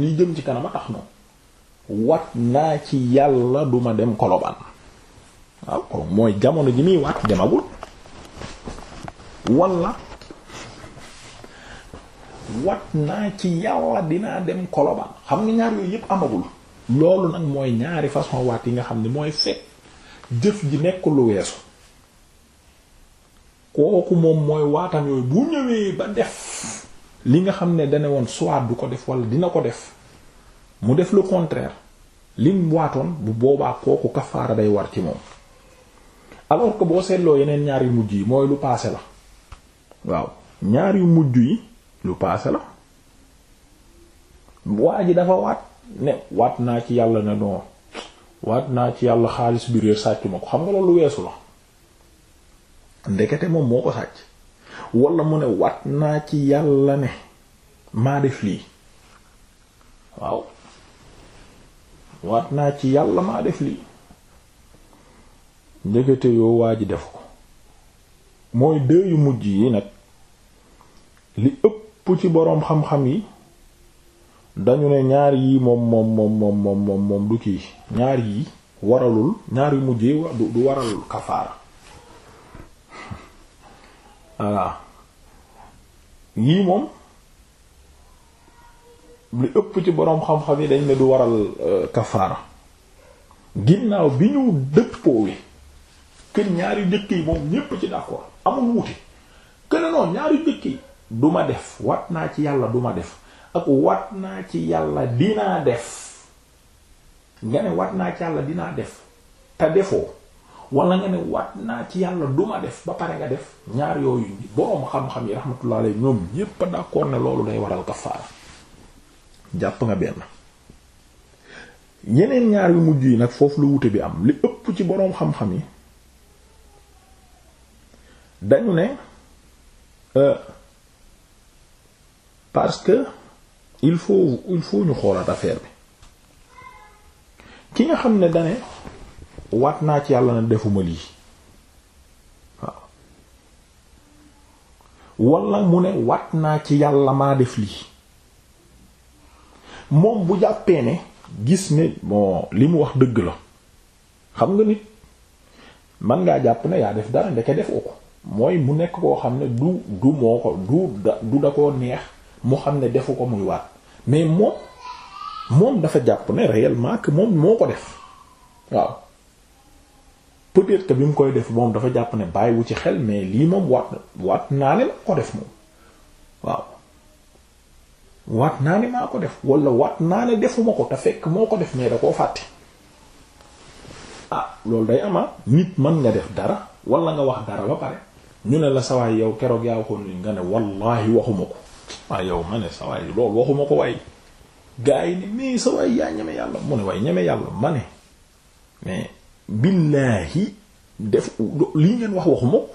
li jëm ci kanam a tax noonu wat naa ci yàlla duma dem kolobaan waaw kon mooy jamono ji muy wat demagul walla wat naa ci yàlla dinaa dem kolobaan xam nga ñaar yooyu yépp amagul loolu nag mooy ñaari façon waat yi nga xam ne mooy fekk jëf ji nekk lu weesu kooku moom mooy waatam yooyu bu ñëwee ba def li nga xam ne dana woon soit du ko def wala dina ko def mu def lu contraire lim waatoon bu boobaa kooku kafaara day war ci moom alors que boo seetloo yeneen ñaar mujj yi mooy lu paase la waaw ñaar mujj yi lu paase la waa ji dafa waat ne waat naa ci yàlla ne non waat naa ci yàlla xaalis bi réer sàcc ma ko xam nga loolu lu weesu la ndekete moom moo ko sàcc wala mu ne wat naa ci yàlla ne maa def lii waaw waat naa ci yàlla maa def lii ndekete yoo waa ji def ko mooy deux yu mujj yi nag li ëpp ci boroom xam-xam yi dañu ne ñaar yi moom moom moom moom moom moom du kii ñaar yi waralul ñaar yu mujj yi du waral kafaara voilà euh, yii moom lu ëpp ci boroom xam-xam yi dañ ne du waral euh, kafaara ginnaaw bi ñu dëppoo wi kën ñaari njëkk yi moom ñépp ci d'accord amul wuute këne noonu ñaari njëkk yi du def wat naa ci yàlla duma def ak wat naa ci yàlla dinaa def nga ne wat naa ci yàlla dinaa def te defoo wala nga ne waat naa ci yàlla du def ba pare nga def ñaar yooyu boroom xam-xam yi rahmatullah alayhi ñoom yépp a d'accord ne loolu day waral kafaara jàpp nga benn yeneen ñaar yu mujj yi nag foofu lu wute bi am li ëpp ci boroom xam-xam yi dañu ne euh, parce que il faut il faut ñu xoolaat affaire bi ki nga xam ne dane waat naa ci yàlla na defuma lii waaw wala mu ne waat naa ci yàlla maa def lii moom bu jàppee ne gis ne bon li mu wax dëgg la xam nga nit man ngaa jàpp ne yaa def dara ndeke defoo ko mooy mu nekk koo xam ne du du moo ko du da du da koo neex mu xam ne defu ko muy waat mais moom moom dafa jàpp ne réellement que moom moo ko def waaw peut-être bi mu koy def moom dafa jàpp ne bàyyiwu ci xel mais lii moom waat waat naa ne maa ko def moom waaw waat naa ne maa ko def walla waat naa ne defuma ko te fekk moo ko def mais da koo fàtte ah loolu day ama nit mën nga def dara wala nga wax dara ba pare ñu ne la sawaay yow keroog yaa waxoon li nga ne wallaahi waxuma ko ah yow ma ne sawaay loolu waxuma ko waaye gaa yi ni mais sawaay yaa ñeme yàlla mu ne waaye ñeme yàlla ma ne mais billaahi def lii ngeen wax waxuma ko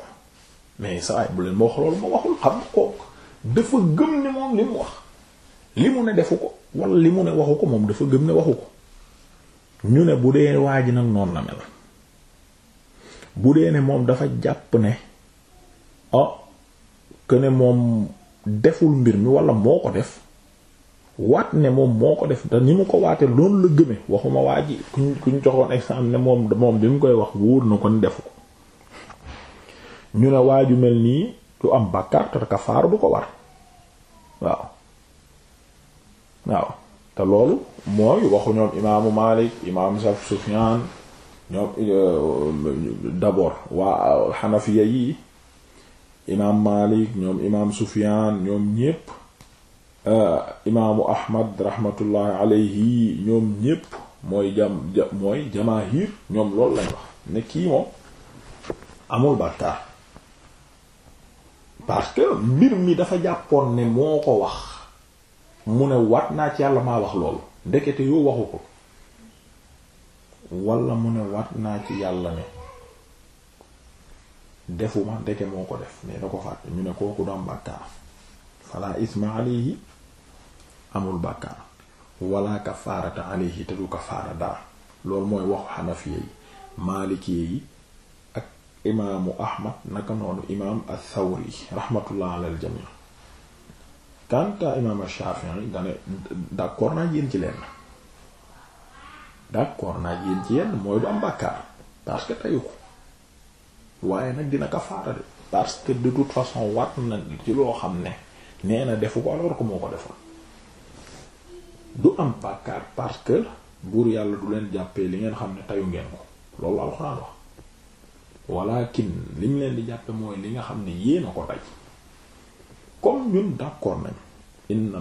mais saa bu leen ma wax loolu ma waxul xam ko dafa gëm ne moom li mu wax li mu ne defu ko wala li mu ne waxu ko moom dafa gëm ne waxu ko ñu ne bu dee waa ji nag noonu la mel bu dee ne moom dafa jàpp ne ah que ne moom deful mbir mi walla moo ko def waat ne moom moo ko def te ni mu ko waatee loolu la gëme waxuma waa ji ku ñu joxoon exemple ne moom moom bi mu koy wax wóor na kon defu ko ñu ne waaju mel nii du am bàkkaar te kafaaru du ko war waaw waaw te loolu mooy waxu ñoom imaamu Malik imaamu Saf Sufyan ñoom euh, d'abord waa xanafiya yi imaam Malik ñoom imaam Sufyan ñoom ñépp Euh, imaamu ahmad rahmatullahi alayhi ñoom ñépp mooy jam jamaahir ñoom loolu lañ wax ne kii moom amul bàkkaar parce que mbir mi dafa jàppoon ne moo ko wax mu ne waat naa ci yàlla maa wax loolu ndekete yoo waxu ko walla mu ne waat naa ci yàlla ne defuma ndeke moo ko def mais ñu ne kooku du am bàkkaar isma alayhi amul bàkkaar wala kafaarata alayhi te du kafaara dara loolu mooy waxu xanafiya yi maalikiya yi ak imaamu ahmad naka noonu imaam athawri rahmatullah ala aljami kanta imaam shafii dane d'accord naa yéen ci leen d'accord naa yéen ci yenn mooy du am bàkkaar parce que teyu ko waaye nag dina kafaara de parce que de toute façon wat na ci loo xam ne nee na defu ko alors que moo ko defoon du am bàkkaar parce buur yàlla du leen jàppee li ngeen xam ne tayu ngeen ko loolu alxuraan wax walakin li ñu leen di jàppe mooy li nga xam ne yéen a ko tay comme ñun d'accord nañ inna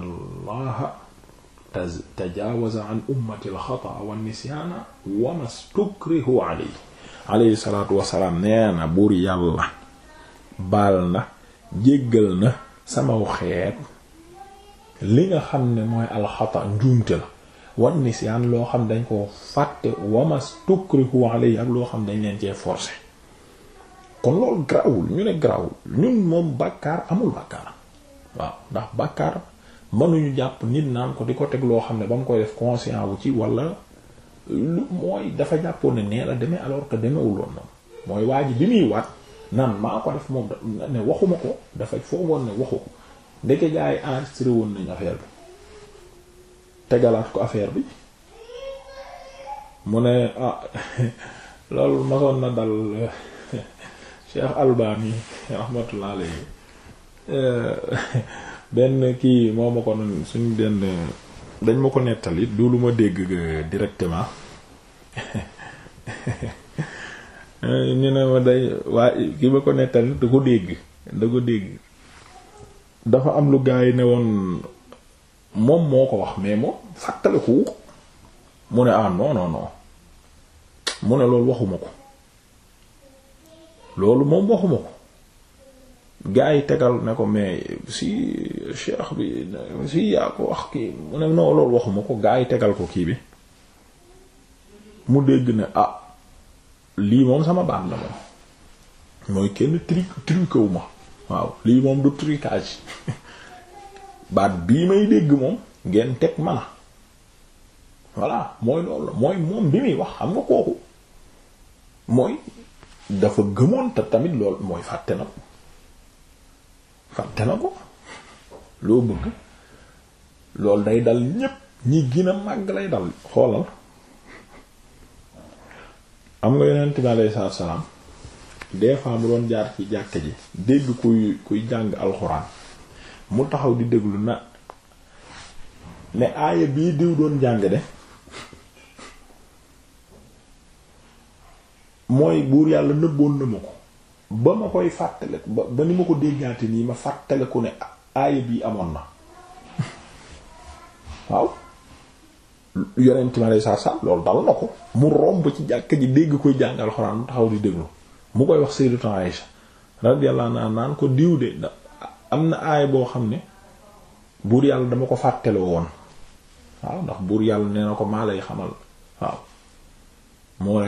allaha tajaawaza an ummati alxataa wa nisyaana wa mastukrihu alayhi alayhi salaatu wasalaam nee na buur yàlla baal na jéggal na samaw xeet li nga xam ne mooy alxata njuumte la wan nisyaan loo xam dañ ko fàtte wamas tukrihu alayhi ak loo xam dañ leen cee forcé kon loolu grawul ñu ne grawul ñun moom bàkkaar amul bàkkaar waaw ndax bàkkaar mënuñu jàpp nit naan ko di ko teg loo xam ne ba mu koy def conscient wu ci wala lu mooy dafa jàppoon ne nee la demee alors que demewul woon noonu mooy waa bi muy waat naan maa ko def moom ne waxuma ko dafa foogoon ne waxu ndeke gaa yi woon nañ affaire bi tegalaat ko affaire bi mu ne ah loolu masoon na dal Cheikh Albani rahmatullah alayhi eh, benn kii moo ma ko suñ benn dañ ma ko nettali du lu ma dégg euh, directement eh, ñu ne ma day waa ki ma ko nettali da ko dégg da ko dégg dafa am lu gaa yi ne woon moom moo ko wax mais moom fàttaliku mu ne ah non mu ne loolu waxuma ko loolu moom waxuma ko gaa yi tegal ne ko mais si cheikh bi si yaa ko wax kii mu ne non loolu waxuma ko gaa yi tegal ko kii bi mu dégg ne ah lii moom sama baat la moom mooy kenn tri triqué waaw lii moom du trucage baat bii may dégg moom ngeen teg mana voilà mooy loolu la mooy moom bi muy wax xam nga kooku mooy dafa gëmoon tamit lool mooy fàtte na ko fàtte na ko loo bëgg loolu day dal ñépp ñi gën a màgg lay dal xoolal am nga yonent bi alayhi salaam des fois mu doon jaar ci jàkka ji dégg kuy kuy jàng alxuraan mu taxaw di déglu na ne aaya bii diw doon jàng de mooy buur yàlla nëbboon na ko ba ma koy fàttale ba ni ma ko déggaate nii ma fàttaleku ne aaya bii amoon na waaw yonent ma lay saa saa loolu dal na ko mu romb ci jàkk ji dégg koy jàng alxuraan mu taxaw di déglu mu koy wax sayyidatu Aïsha radiyallahu anha naan ko diw de na aay boo xam ne buur yàlla dama ko fàttale woon buur yàlla nee na ko maa lay xamal waaw moo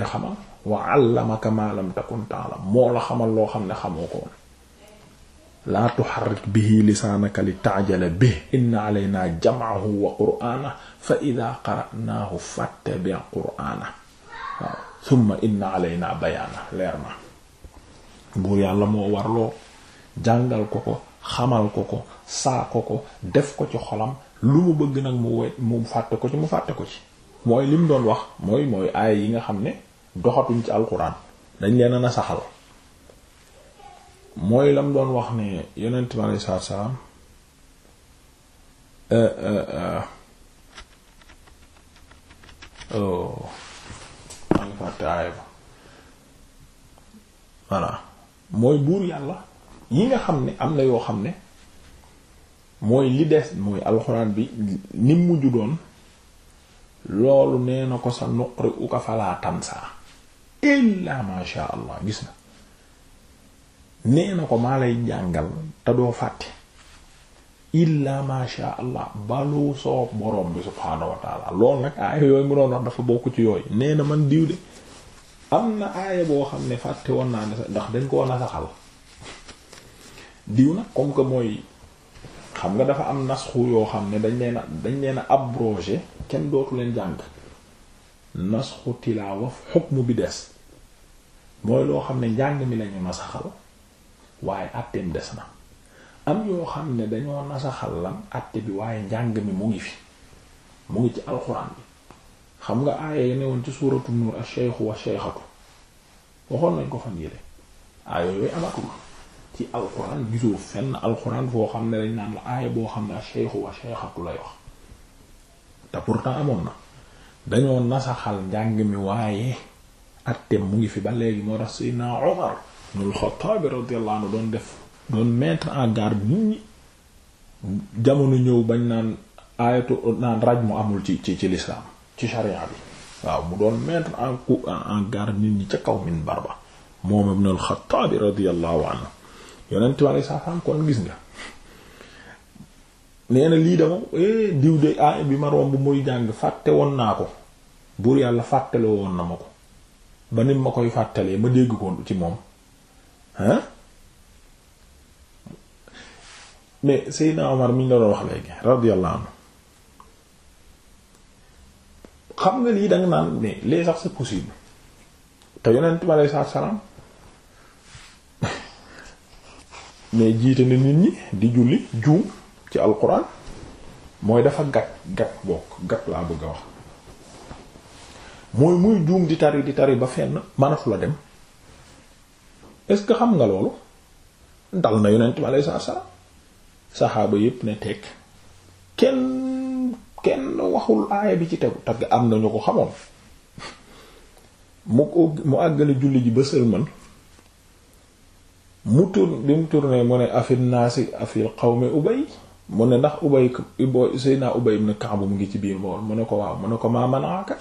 wa 'allamaka ma lam takun ta'lam moo la loo xam ne xamoo ko woon laa tuharrik bihi lisaanaka li ta'jala bihi inna alaynaa jam'ahu wa waaw thumma inna alaynaa bayaanahu leer na buur yàlla moo warloo jàngal ko ko xamal ko ko saa ko ko def ko ci xolam lu mu bëgg nag mu wet mu fàtte ko ci mu fàtte ko ci mooy lim doon wax mooy mooy aaya yi nga xam ne doxatuñ ci alxuraan dañ leen a saxal mooy lam doon wax ne yonent bi alayhi salaatu salaam eh, eh, eh, oh, maa fàtte aaya ba voilà mooy buur yàlla yi nga xam ne am na yoo xam ne mooy li des mooy alxuraan bi ni mujj doon loolu nee na ko sa nuqri uka falaa tansaa illaa masha allah gis na nee na ko maa lay jàngal te doo fàtte illaa masha allah balu soo borom bi subhaanahu wa taala loolu nag aaya yooyu mu doon wax dafa bokk ci yooyu nee na man diw de am na aaya boo xam ne fàtte woon naa ne sax ndax dañ koo nasaxal diw nag comme que mooy xam nga dafa am nasxu yoo xam ne dañ leen a dañ leen a abrogé kenn dootu leen jàng nasxu tilaawa xukmu bi des mooy loo xam ne njàng mi lañu nasaxal waaye àtteem des na am yoo xam ne dañoo nasaxal lan àtte bi waaye njàng mi mu ngi fi mu ngi ci alxuraan bi xam nga aaya ya newoon ci suuratu nuur ash-shaykhu wa shaykhatu waxoon nañ ko fan yële aaya yooyu amatul ci alquran gisoo fenn alxuraan foo xam ne dañ naan la aaya boo xam ne ash-shaykhu wa shaykhatu lay wax te pourtant amoon na dañoo nasaxal njàng mi waaye atteem mu ngi fi ba léegi moo tax Seydina Umar ibnul Xattaab radiyallahu anhu doon def doon mettre en garde nit ñi ñëw bañ naan aayatu naan raj mu amul ci ci ci lislaam ci sharia bi waaw mu doon mettre en coup en garde nit ñi ca kaw minbar ba moom ibn al-Xattaab radiyallahu anhu yonent wala saa saam kon gis nga nee lii dama eh, diw de aay bi ma romb muy jàng fàtte woon naa ko buur yàlla fàttale woon na ma ko ba nit ma koy fàttalee ma dégg ko ci moom hein mais Seydina Omar mi ñu la doon wax léegi radiyallahu anhu xam nga lii da naan mais léegi sax c'est possible te yonent bi aleyhi salaatu mais jiite na nit ñi di julli juum ci alxuraan mooy dafa gàtt gàtt bokk gàtt laa bëgg a wax mooy muy juum di tari di tari ba fenn mënatu la dem est-ce que xam nga loolu dal na yonent bi aleyhi salaatu salaam saxaaba yépp ne tekk kenn. kenn waxul aaya bi ci tegu tagg am na ñu ko xamoon mu ko mu àggale julli ji ba sëlman mu tourne bi mu tourne mu ne afil naasi afil qawmi ubay mu ne ndax ubay Seydina ubay ibn Ka'b mu ngi ci biir bool mu ne ko waaw mu ne ko maa manaaka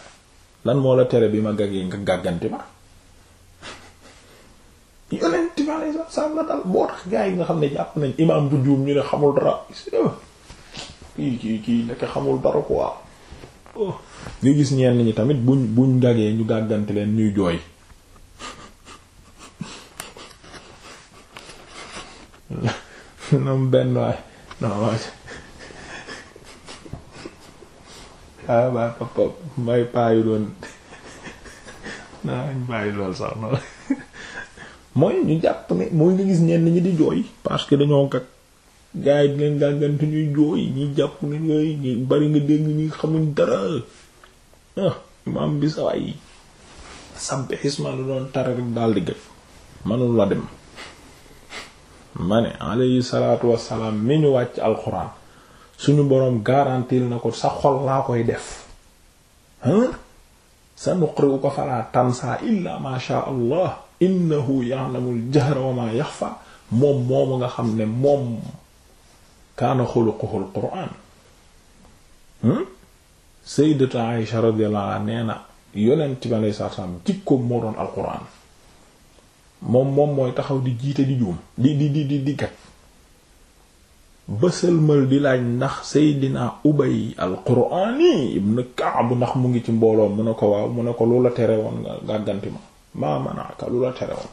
lan moo la tere bi ma gaggee nga gàgganti ma yonent bi alayhi la dal boo tax gaa yi nga xam ne jàpp nañ imaam bu juum ñu ne xamul dara kii kii kii nekk xamul dara quoi oh. nga gis ñenn ñi tamit buñ buñ dagee ñu gàggante leen ñuy jooy noonu benn waay non waay ah ba papa may paayu doon naa ñu bàyyi lool sax noonu mooy ñu jàpp ne mooy nga gis ñenn ñi di jooy parce que dañoo gàgg gars yi di leen gàngante ñuy jooy ñuy jàpp ngeen yooyu ñuy bari nga dégg ñuy xamuñ dara ah, imaam bi sawaay yi sabbi xisma lu doon tara rek daal di gëj manul la dem ma ne alayhi salaatu wassalaam mi ñu wàcc alxuraan suñu boroom garantil na ko sa xol laa koy def sa nuqri'uka falaa tansaa illaa maa shaa allah innahu ya'lamul jahra wa maa yaxfaa moom moomu nga xam ne moom kaana xuluquhu alquraan hmm? sayyidatu Aïsha radiyallahu anha nee yonent bi alayhi salaatu salaam jikkoom moo doon alquraan moom moom mooy taxaw di jiite di juum di di di di di gat bësalmal di laaj ndax Seydina Ubay al-Quraani ibn Ka'b ndax mu ngi ci mbooloo mu ne ko waaw mu ne ko lu la tere woon nga gàgganti ma maa manaaka lu la tere woon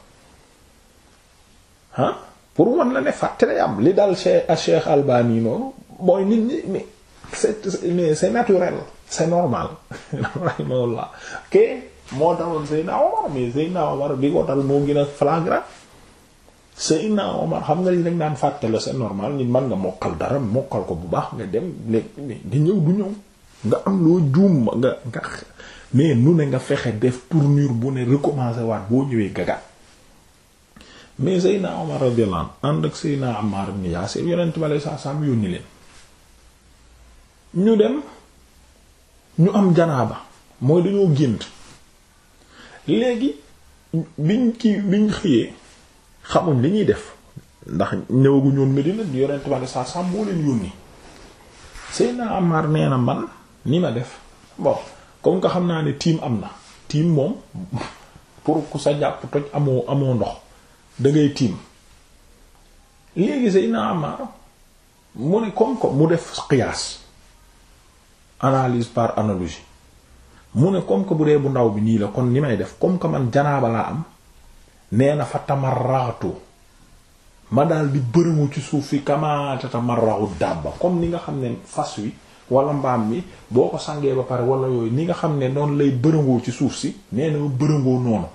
ha pour man la ne fàttali am li dal Cheikh Cheikh Albani noonu mooy nit ñi mais c'est c'est naturel c'est normal rahimahullah ke moo daloon Seydina mais Seydina Omar bi ko moo gën a flagrant Seydina xam nga li dañ naan fàtte la c'est normal nit mën nga mokkal dara mokkal ko bu baax nga dem léegi di ñëw du ñëw nga am loo juum nga nga mais nu ne nga fexe def tournure bu ne recommencer waat boo ñëwee gaga mais Seydina Omar radiyallahu anhu ànd ak Seydina Ammar ibn yonent bale saa saam yónni leen ñu dem ñu am janaaba mooy dañoo gént léegi biñ ki biñ xëyee xamuñ li ñuy def ndax ñëwagu ñoon Medina yonent bale saa saam moo leen yónni Seydina Ammar nee na man ni ma def bon comme nga xam naa ne tiim am na tiim moom pour ku sa jàpp toj amoo amoo ndox da ngay tiim léegi Seydina Ammaar mu ne comme comme mu def qiyaas analyse par analogie mu ne comme que bu dee bu ndaw bi ñii la kon ni may def comme que man janaaba laa am nee na fa tamarraatu ma daal di bërëmu ci suuf fi kamaata tamarraatu dabba comme ni nga xam ne fas wi wala mbaam mi boo ko sangee ba pare wala yooyu ni nga xam ne noonu lay bërëngoo ci suuf si nee na ma bërëngoo noonu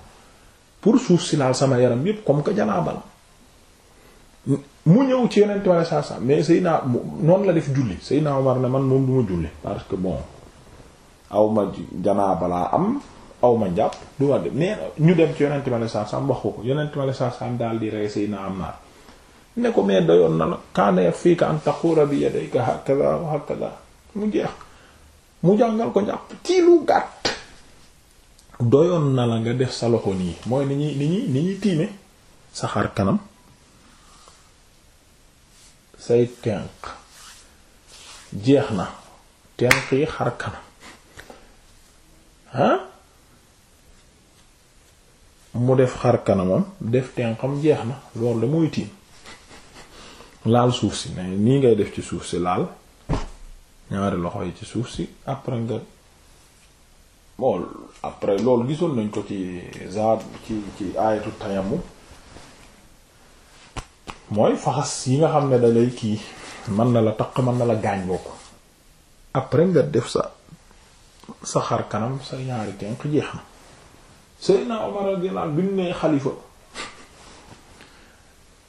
pour suuf si laal sama yaram yépp comme que janaaba la mu ñëw ci yeneen toile saa saa mais noonu la def julli Seydina Omar man moom ma julli parce que bon aw ma am aw ma jàpp du ma dem ñu dem ci yeneen toile saa saa wax ko yeneen toile saa saa daal ne ko mais doyoon mu jeex mu jàngal ko jàpp ci gàtt. doyoon na la nga def sa loxo nii mooy ni ñuy ni ñuy ni tiime sa xar kanam say tenq jeex na tenq yi xar kanam ah mu def xar kanamam def tenqam jeex na loolu da mooy tiim laal suuf si nii ngay def ci suuf si laal ñaari loxo yi ci suuf si après nga bon après loolu gisoon nañ ko ci zaad ci ci aayatu tayamu mooy faxas yi nga xam ne dalay kii man na la taq mën na la gaañ bokk après nga def sa sa xar kanam sa ñaari tenq jeex na Seydina Omar radiyallahu anhu bi mu nee xalifa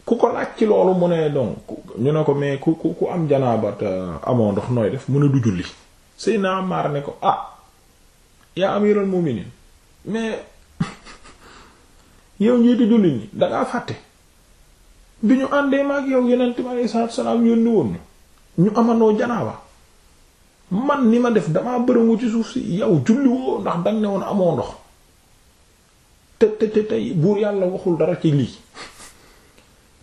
ku ko laaj ci loolu mu ne donc ñu ne ko mais ku ku ku am janaabata amoon ndox nooy def mu ne du julli Seydina Omar ne ko ah yaa amiral mu'minin mais yow njiitu jullit ñi dangaa fàtte bi ñu àndee maag yow yonent bi alayhi salaatu salaam yónni woon ñu amandoo janaaba man ni ma def damaa bërëngu ci suuf si yow julliwoo ndax dang ne woon amoo ndox te te te tey buur yàlla waxul dara ci lii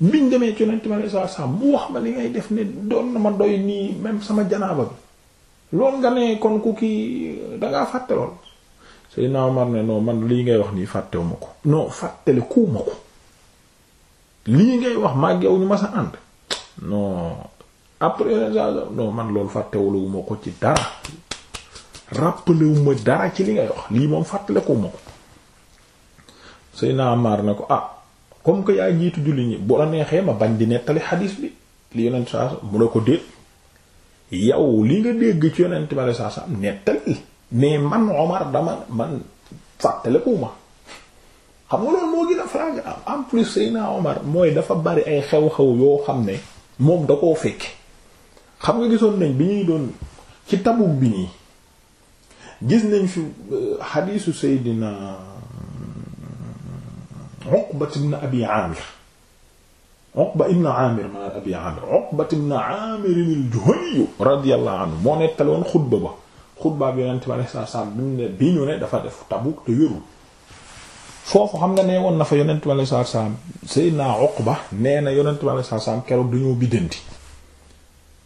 biñ demee ci yonent bi alayhi salaatu salaam mu wax ma li ngay def ne doon na ma doy nii même sama janaaba bi lool nga ne kon ku kii dangaa fàtte lool Seydina Omar ne non man lii ngay wax nii fàttewuma ko non fàttele kuuma ko lii ngay wax maag yow ñu ma sa ànd non après non man loolu fàttewuluma ko ci dara rappelewuma dara ci li ngay wax lii moom fàttale kuuma ko Seydina Omar ne ko ah comme que yaa jiitu julli ñi bu la neexee ma bañ di nettali xadiis bi li yonent saa mu ne ko déet yow li nga dégg ci yonent bi saa saa nettali mais man Omar dama man fàttaliku ma xam nga loolu moo gën a flagrant en Seyna Omar mooy dafa bari ay xew-xew yoo xam ne moom da koo fekke xam nga gisoon nañ bi ñuy doon ci Tabuk bi nii gis nañ fi xadiisu euh, Seydina Uqbat ibn Abi Amir Uqba ibn Amir ma Abi Amir Uqba ibn Amir al-Juhani radiyallahu anhu moo nettali woon xutba ba xutba bi yonent bi alayhi salaatu salaam bi mu ne bi ñu ne dafa def Tabuk te wérul foofu xam nga ne woon na fa yonent bi alayhi salaatu salaam Seydina Uqba nee na yonent bi alayhi salaatu salaam keroog dañoo biddanti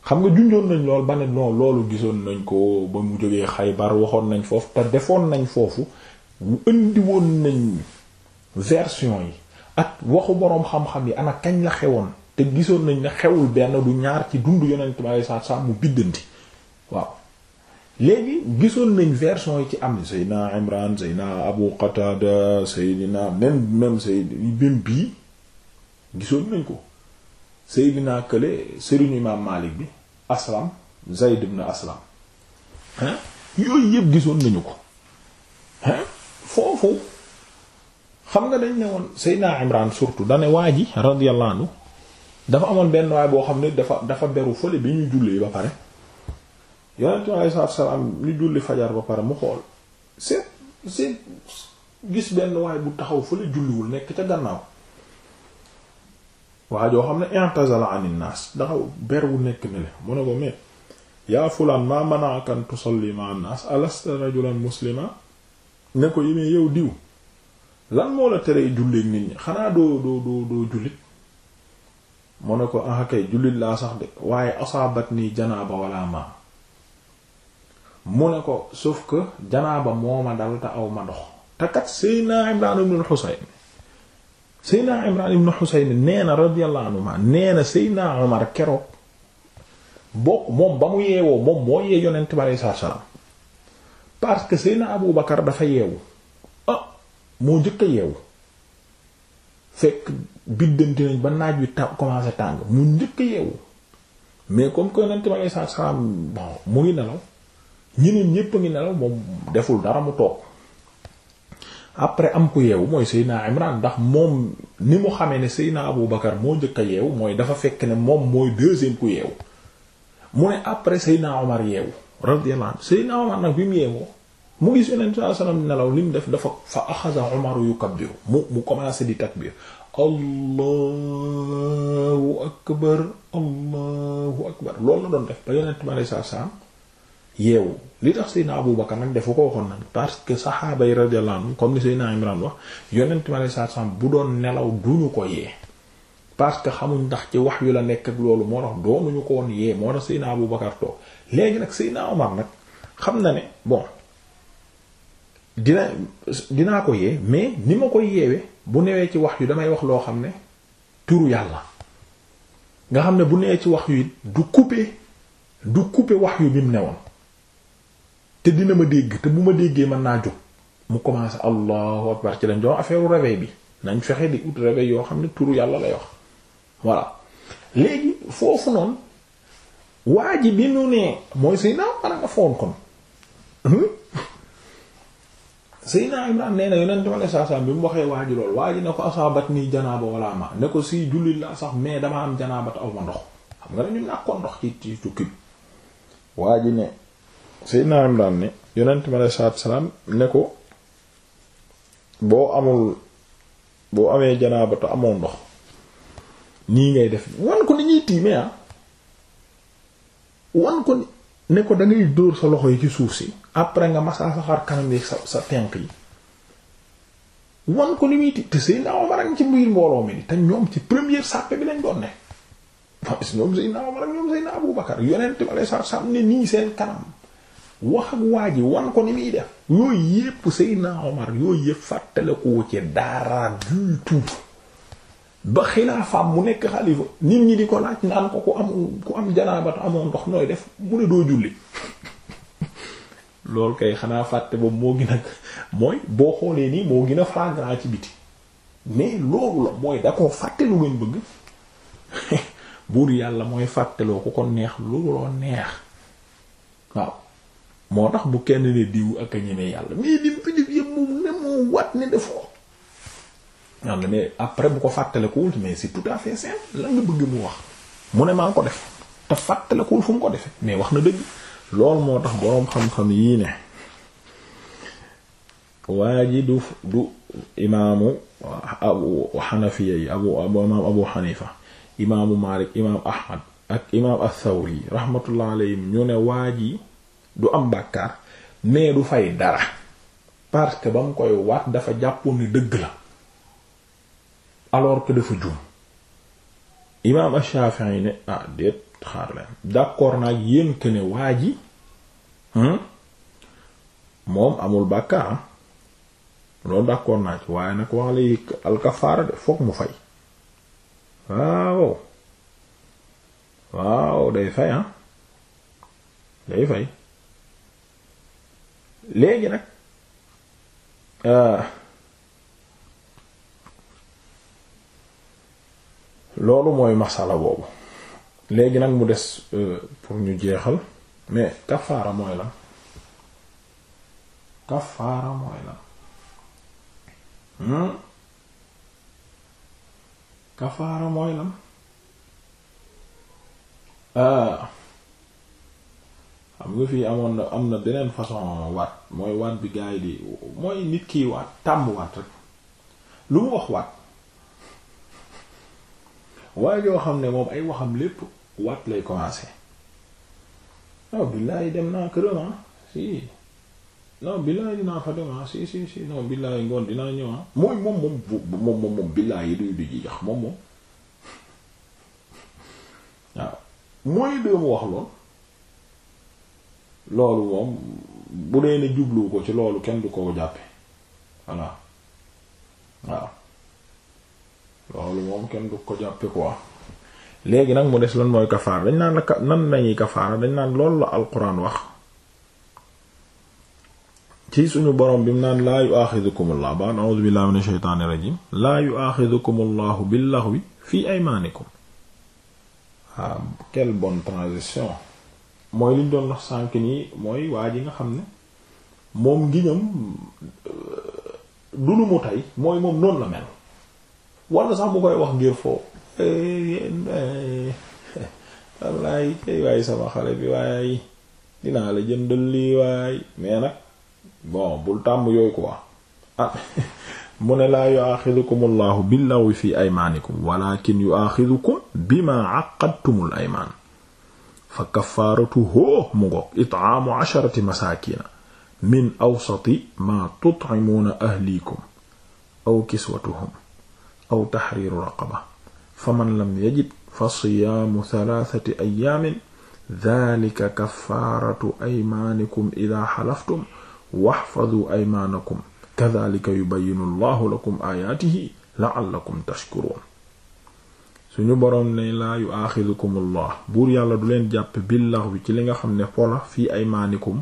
xam nga junjoon nañ lool ba ne non loolu gisoon nañ ko ba mu jógee Xaybar waxoon nañ foofu te defoon nañ foofu indi woon nañ version yi ak waxu boroom xam-xam yi ana kañ la xewoon te gisoon nañ ne xewul benn du ñaar ci dundu yonent bi alei satu salaam mu biddanti waaw léegi gisoon nañ version yi ci am ni Seydina Imran Seydina Abu Qatada Seydina même même Seydina bii gisoon nañ ko Seydina kële sëriñu Imaam Maalik bi Aslam Zayd ibn Aslam hein yooyu yëpp gisoon nañu ko hein foofu xam nga dañ ne woon Seydina Imran surtout dane waa ji radiyallahu dafa amoon benn waay boo xam ne dafa dafa beru fële bi ñu julli ba pare yonent bi alayhi salaatu salaam ñu julli fajar ba pare mu xool c'est benn waay bu taxaw fële julliwul nekk ca gannaaw joo xam ne intazala anin naas nekk mu ne ko mais yaa fulaan ma mana'aka an yow diw lan moo la teree julleek nit ñi xanaa doo doo doo doo jullit mu ne ko ah kay jullit laa sax de waaye asaabat nii janaaba wala ma mu ne ko sauf que janaaba moo ma dal te aw ma ndox te kat Seydina Imraan ibn Husayn Seydina Imraan ibn Husayn nee na radiyallahu anhuma nee bokk moom ba mu yeewoo moom moo yee yonent bi alayhi salaam parce que Seydina Abu Bakar dafa yeewu moo jëkk a yeewu fekk biddanti nañ ba naaj wi ta commencé tàng mu njëkk a yeewu mais comme que nañ bi aleyhi salaatu salaam mu ngi nelaw ñeneen ñépp a ngi nelaw moom deful dara mu toog après am ku yeewu mooy Seydina Imran ndax moom ni mu xamee ne Seydina Abu Bakar moo jëkk a yeewu mooy dafa fekk ne moom mooy deuxième ku yeewu mu ne après Seydina Omar yeewu radiyallahu anhu Seydina Omar nag bi mu yeewoo mu gis yonent sallallahu alayhi nelaw li mu def dafa fa axaza umaru yukabbiru mu mu commencé di takbir allahu akbar allahu akbar loolu la doon def ba yonent bi alei saatu yeewu li tax Seydina Abu Bakar nag dafa ko waxoon nag parce que saxaaba yi radiyallahu anhum comme ni Seydina Imran wax yonent bi alei saatu bu doon nelaw duñu ko yee parce que xamuñ ndax ci wax yu la nekk loolu moo tax doonuñu ko woon yee moo tax Seydina Abu Bakar toog léegi nag si Omar nag dina dinaa ko yee mais ni ma koy yeewe bu newee ci wax yu damay wax loo xam ne turu yàlla nga xam ne bu newee ci wax yu du couper du couper wax yu bi mu newoon te dina ma dégg te bu ma déggee mën naa jóg mu commencé allahu akbar ci lañ doon affaire réveil bi nañ fexe di ut réveil yoo xam ne turu yàlla lay wax voilà léegi foofu noonu waa ji bi ñu mooy say naa man a nga foon kon hmm? Seydina Imran nee na yonent ma ne saa saa bi mu waxee waa ji lool waa ji ne ko asaabat nii janaaba wala ma ne ko si julli la sax mais dama am janaabat te aw ma ndox xam nga dañu nàkkoon ndox ci ci tukki bi waa ne Seydina ma ne saa ne ko boo amul boo amee janaaba amoo ndox nii ngay def wan ko ni ñuy tiime ah wan ko ne ko da ngay dóor sa loxo yi ci suuf si. après nga masaa sa xar kanam yi sa sa tenq yi wan ko li muy te Seydina Omar ak ci biir mbooloo mi te ñoom ci première sàppe bi lañ doon ne ñoom Seydina Omar ak ñoom Seydina Abu Bakar seen kanam wax ak waa ji wan ko ni muy def yëpp Seydina fàttale ko ci dara du tout ba xilaafaam mu nekk xalifa nit ñi di ko laaj naan ko ku am ku am janaabata amoon ndox nooy def mu ne doo julli loolu kay xanaa fàtte boobu moo gën a mooy boo xoolee nii moo gën a flagrant ci biti mais loolu la mooy da koo fàtte lu lañ bëgg buur yàlla mooy fàtteloo ku ko neex lu loo neex waaw moo tax bu kenn ne diw ak a ñeme yàlla mais dim fi def yëpp moom ne moo wat ne def ko mais après bu ko fàttalekuwul mais c'est tout à fait simple la nga bëgg mu wax mu ne maa ngi ko def te fàttalekuwul fu mu ko defee mais wax na dëgg lool moo tax boroom xam-xam yii ne waa ji du du imaamu abu xanafiya yi abu imaam abu xanifa imaamu malik imaam ahmad ak imaam athawri rahmatullah ñu ne waa ji du am bàkkaar mais du fay dara parce que ba mu koy waat dafa jàppoon ni dëgg la alors que dafa juum imaam ash ne ah xaar leen d'accord naa ak ne waa Hmm? moom amul bàkkaar loolu d'accord naa ci waaye nag wax lay alkafaara de fokk mu fay waaw waaw day fay ah day fay léegi nag euh, loolu mooy masala boobu léegi nag mu des euh, pour ñu jeexal mais kafaara mooy lan kafaara mooy lan hmm kafaara mooy lan ah xam nga fii amoon na am na beneen façon waat mooy waat bi gaay di mooy nit kiy waat tàmm waat rek lu mu wax waat waaye xam ne moom ay waxam lépp waat lay commencer non billaay dem naa këram ah si non billaay dinaa fa dem ah si si si non billaay ngoon dinaa ñëw ah. mooy moom moom moom moom billaay yi duy du ji moom moom waaw mooy doomu wax lool loolu moom bu dee ne jublu ko ci loolu kenn du ko jàppe voilà waaw loolu moom kenn du ko jàppe quoi léegi nag mu des lan mooy kafaara dañ naan la nan lañuy kafaara dañ naan loolu la alquran wax ci suñu borom bi mu naan laa yu'aaxidukum allah ba'd a'uuzu billahi minash shaytaanir rajiim laa yu'aaxidukum allahu bil laghwi fii aymaanikum ah quelle bonne transition mooy liñ doon wax sànk nii mooy waa ji nga xam ne moom ngiñam euh, du lu mu tey mooy moom noonu la mel wala sax mu koy wax ngir foofu Eh, eh, eh, wallaay kay waay sama xale bi waay dinaa la jëndal lii waay mais nag bon bul tàmm yooyu quoi ah mu ne laa yu'axidukum allahu billawi fi aymaanikum walakin yu'axidukum bima aqadtumul aymaan fa kafaaratu hoo mu ngoog it'aamu asharati masaakiina min awsati maa tut'imuuna ahliikum aw kiswatuhum aw taxriiru raqaba faman lam yajid fa siyaamu thalathati ayaamin dhalika kafaaratu aymaanikum ida xalaftum waxfadu aymaanakum kadhalika yubayinu allahu lakum aayaatihi la'allakum tashkuruun suñu boroom ne laa yu aaxidukum allah buur yàlla du leen jàpp billax bi ci li nga xam ne pola fii aymaanikum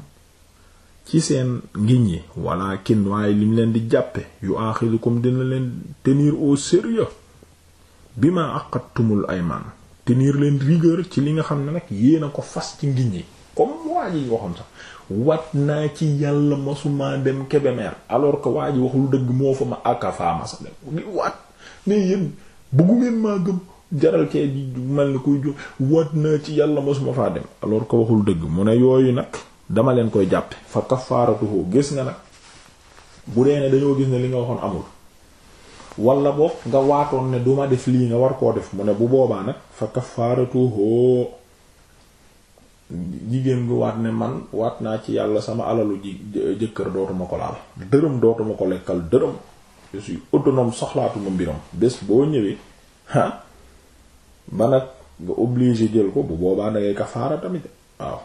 ci seen ngiñ yi walakin waaye lim leen di jàppe yu aaxidukum dina leen tenir au sérieux bi ma aqadtumul ayman tenir leen rigueur ci li nga xam ne nag yéen a ko fas ci ngiñ yi comme waa ji waxoon sax wat naa ci yàlla masumaa dem Kébémer alors que waa ji waxul dëgg moo fa ma akafa masa dem wat ne yéen bëggu maa gëm jaral kee di ni kuy jóg wat naa ci yàlla masuma faa dem alors que waxul dëgg mu ne yooyu nag dama leen koy jàppe fa kafaaratuhu gis nga nag bu dee ne dañoo gis ne li nga waxoon amul wala boog nga waatoon ne duma def lii nga war koo def mu ne bu boobaa nag fa kafaaratuhu jigéen gu waat ne man waat naa ci yàlla sama alalu ji jëkkër dootuma ko laal dërëm dootuma ko lekkal dërëm je suis autonome soxlaatuma mbiram bés boo ñëwee ah ba nag nga obligé jël ko bu boobaa dangay kafaara tamit waaw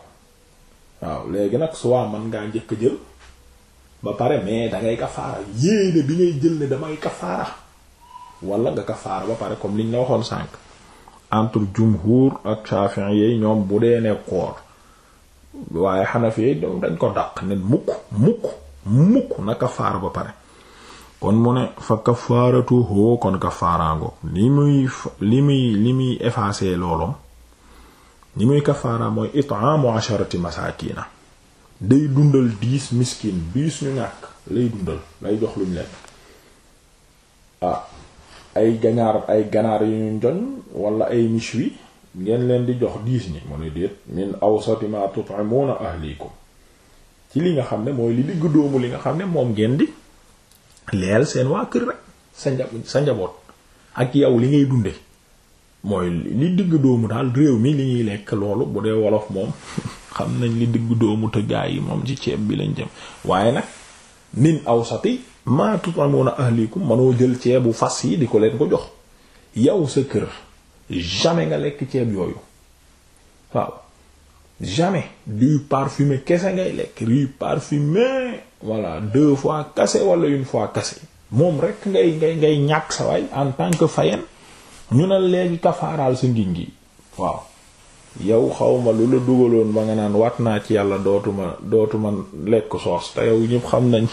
waaw léegi nag su waa man ngaa njëkk jël ba pare mais dangay ngay kafaara yéene bi ngay jël ne damay kafaara wala nga kafaara ba pare comme liñ la waxoon sànq entre jumhur ak Shafi'i yi ñoom bu dee ne koor waaye Hanafi yi dañ ko dàq ne mukk mukk mukk na kafaara ba pare kon mu ne fa kafaaratu hoo kon kafaaraango li muy li muy li muy effacer loolom li muy kafaara mooy it'amu asharati masakina day dundal dix miskin dix ñu ñàkk lay dundal lay jox luñ lekk ah, ay ganaar ay ganaar yu ñu njoñ wala ay mishwi ngeen leen di jox dix ñi mu ne déet min awsati ma tut'imuna ahlikum ci li nga xam ne mooy li nga xam ne moom ngeen di leel seen waa kër rek sa nja njaboot ak yow li ngay dunde mooy li digg dóomu daal réew mi li ñuy lekk loolu bu dee wolof moom xam nañ li diggu doomu te yi moom ci ceeb bi lañ jëm waaye nag min awsati ma tut'amuna ahlikum manoo jël ceebu fas yi di ko leen ko jox yow sa kër jamais nga lekk ceeb yooyu waaw jamais riz parfumé kese ngay lekk riz parfumé voilà deux fois cassé wala une fois cassé moom rek ngay ngay ngay ñàkk sa waay en tant que fayen ñu ne léegi kafaaral sa ngiñ gi waaw yow ma lu la dugaloon ba nga naan wat naa ci yàlla dootuma dootuma lekk soos te yow ñëpp xam nañ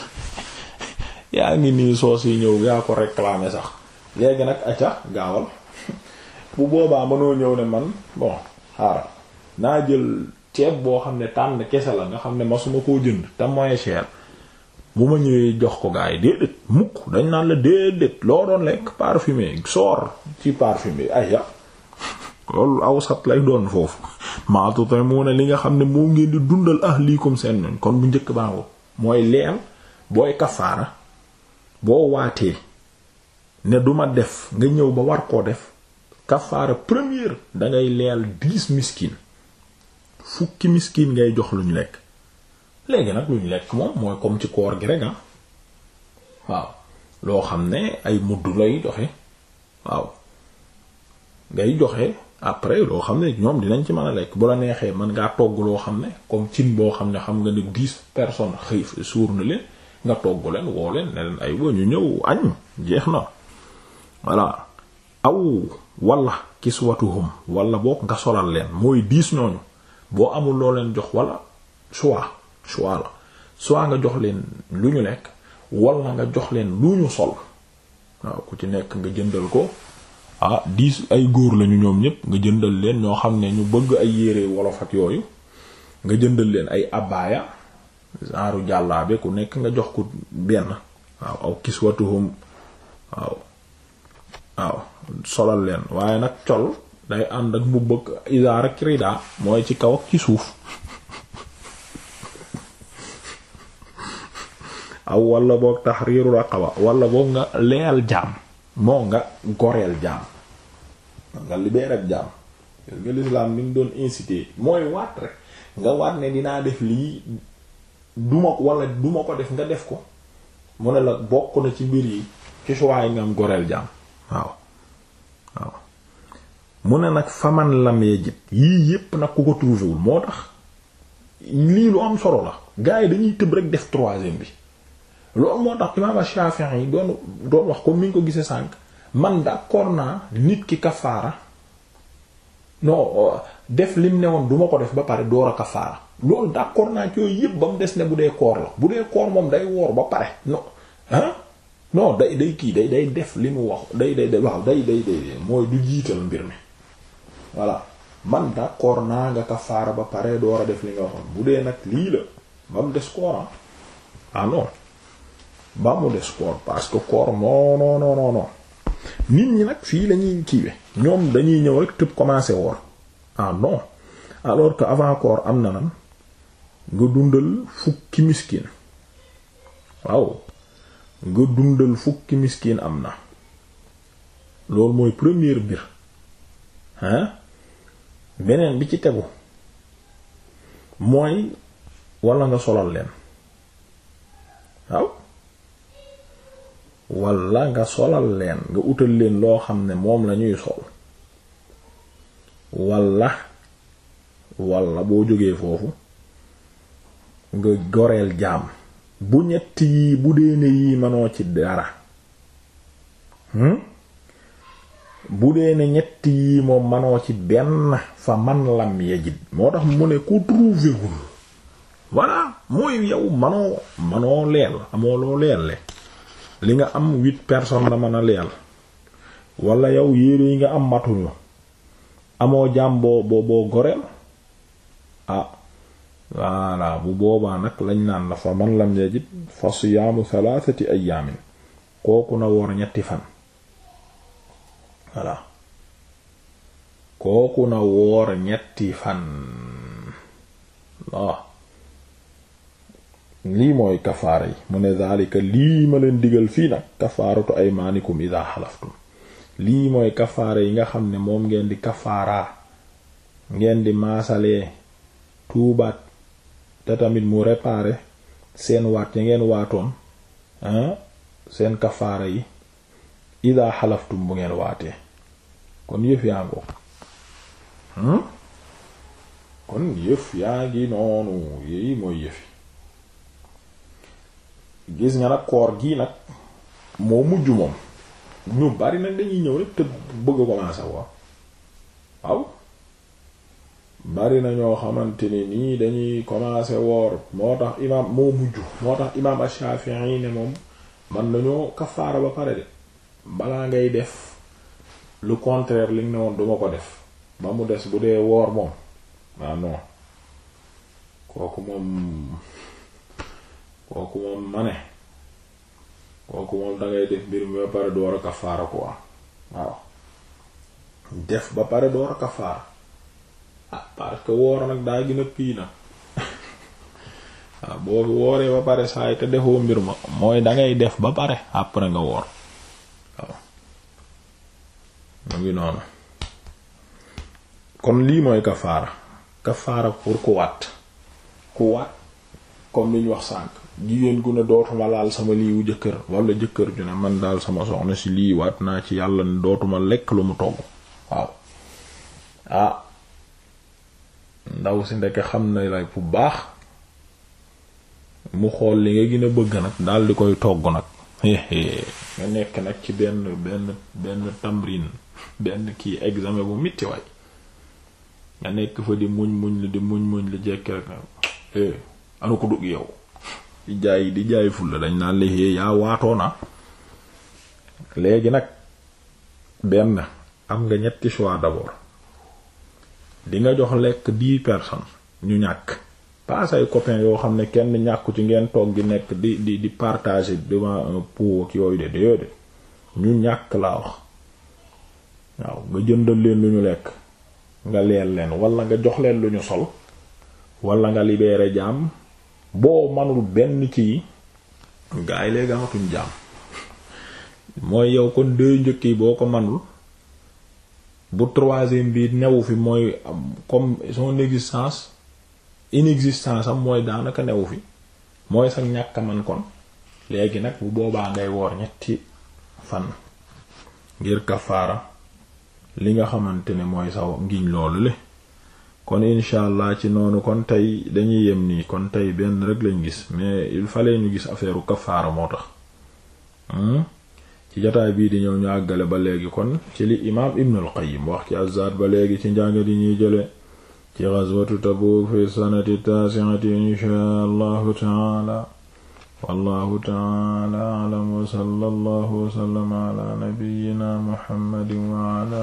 yaa ngi nii soos yi ñëw yaa ko réclamer sax léegi nag acca bu boobaa mënoo ñëw ne man bon xaaral naa jël ceeb boo xam ne tànn kese la nga xam ne masuma koo jënd te moyen cher bu ma ñëwee jox ko gaa dañ naan la déedéet loo doon lekk parfumé soor ci ay aya loolu awsat lay doon foofu maatutamuuna li nga xam ne moo ngeen di dundal ahlikum seen nañ kon bu njëkk baaxoo mooy leel booy kafaara boo waatee ne duma def nga ñëw ba war koo def kafaara première dangay leel dix miskin fukki miskin ngay jox luñ lekk léegi nag luñ lekk moom mooy comme ci koor gi rek ah. waaw loo xam ne ay mudd lay joxe waaw ngay joxe après loo xam ne ñoom dinañ ci man a lekk bu la neexee man ngaa togg loo xam ne comme cin boo xam ne xam nga ne dix personnes xëy suur na leen nga togg leen woo leen ne leen ay wa ñu ñëw añ jeex na voilà aw wala kiswatuhum wala boo nga solal leen mooy diis ñooñu boo amul loo leen jox wala choix choix la soit nga jox leen lu ñu lekk wala nga jox leen lu ñu sol waaw ku ci nekk nga jëndal ko ah diis ay góor lañu ñoom ñépp nga jëndal leen ñoo xam ne ñu bëgg ay yére wolofat yooyu nga jëndal leen ay abbaaya genre jàllaabe ku nekk nga jox ko benn waaw aw kiswatuhum waaw waaw solal leen waaye nag col day ànd ak mbubb ak izaar ak rida mooy ci kaw ak ci suuf aw walla boog tahriru raqaba walla boog nga leyal jaam moo nga goreel jaam nga libéré ab jaam yow ni mu doon incité mooy waat rek nga waat ne dinaa def lii duma ko wala duma ko def nga def ko mu ne la bokk na ci mbir yi ci choix yi nga ne nag faman lam yajid yii yépp nag ku ko trouvé wul moo tax lii lu am solo la gars yi dañuy tëb rek def troisième bi loolu moo tax imaam Shafi'i yi doon wax ko ni ñu ko gisee sànk man d'accord naa nit ki kafaara non euh, def lim ne woon duma ko def ba pare door a kafaara loolu d'accord naa ci yëpp ba mu des ne bu dee koor la bu dee koor moom day woor ba pare non ah day kii day day def li mu wax day day day day day day mooy du jiital mbir mi voilà man d'accord naa nga kafaara ba pare door a def li bu dee nag lii la ba mu des koor ah, ah non ba mu des koor parce que koor non nit ñi nag fii lañuy ñuy kiiwe ñoom dañuy ñëw rek tëb commencé wor ah non alors que avant koor am na nan nga dundal fukki miskin waaw nga dundal fukki miskin am na loolu mooy première mbir hein beneen bi ci tegu mooy walla nga solal leen waaw wala nga solal leen nga utal leen loo xam ne moom la ñuy sol wala wala boo jógee foofu nga goreel jaam bu ñett yii bu dee ne yii mënoo ci dara hmm? bu dee ne ñett yii moom mënoo ci benn fa man lam yajid moo tax mu ne ku trouvéwul voilà mooy yow manoo manoo leel amoo loo leelle li nga am huit personnes la mën a leel wala yow yére yi nga am la amoo jaam boo boo boo goreel ah voilà bu boobaa nag lañ naan la fa man lam yajid fa siyaamu thalathati ayaamin kooku na woor fan voilà kooku na woor ñetti fan waaw lii mooy kafaara yi mu ne zaalika lii ma leen digal fii nag kafaaratu aymaanikum idaa xalaftum lii mooy kafaara yi nga xam ne moom ngeen di kafaaraa ngeen di maasalee tuubaat te tamit mu réparer seen waat ya ngeen waatoon seen kafaara yi idaa xalaftum bu ngeen waatee kon yëf yaa ngoog hmm? kon yëf yaa ngi mooy yëfi gis nga nag koor gii nag moo mujj moom ñu bari nag dañuy ñëw rek te bëgg a commencé waaw bari na ñoo xamante ne nii dañuy commencé woor moo tax imaam moo mujj moo tax imaam ash yi ne moom man nañoo kafaara ba pare de balaa ngay def lu contraire li nga ne woon duma ko def ba mu des bu dee woor moom ah non kooku moom kooku moom ma ne kooku moom dangay def mbir mi ba pare door a kafaara ko am waaw def ba pare door a kafaara ah parce que woor nag daa gën a pii na waaw boo wooree ba pare saa yi te defoo mbir ma mooy dangay def ba pare après nga woor waaw mu ngi noonu kon lii mooy kafaara kafaara pour ku waat comme li ñu wax sànk jigéen gu ne dootuma laal sama liiwu wu jëkkër wala jëkkër ju ne man daal sama soxna si lii waat naa ci yàlla ne dootuma lekk lu mu togg waaw ah ndaw si ndeke xam na lay bu baax mu xool li nga gën a bëgg nag daal di koy togg nag nga nekk nag ci benn benn benn tamrin benn kii examen bu metti waay nga nekk fa di muñ muñ la di muñ muñ la jekk rek ana ko dugg yow di jaay di jaay fulla dañ naan la xée yaa waatoona léegi nag benn am nga ñetti choix d'abord di nga jox lekk dix personne ñu ñàkk pas ay copains yoo xam ne kenn ñàkku ci ngeen toog di nekk di di di partager devant un pot ak yooyu de ñu ñàkk laa wax waaw nga jëndal leen lu ñu lekk nga leel leen wala nga jox leen lu ñu sol wala nga libérer jaam boo manul benn ci gaa yi léegi amatuñ jaam mooy yow kon deux njëkk yi boo ko manul bu troisième bii newu fi mooy comme son existence inexistence am mooy daanaka newu fi mooy sax ñàkk man kon léegi nag bu boobaa ngay woor ñetti fan ngir kafaara li nga xamante ne mooy saw ngiñ loolu le kon incha allah ci noonu kon tey dañuy yem nii kon tey benn rek lañ gis mais il fallait ñu gis affaire kafaara moo tax hmm? ci jotaay bii di ñëw ñu àggale ba léegi kon ci li imaam Ibn al wax ci azzaad ba léegi ci njàngat yi ñuy jële ci ghazwatu Tabuuk fi sanati taasi'ati inchaa allahu taala wallahu taala a'lam wa sallallahu wa sallama ala nabiyyina muhammadin wa ala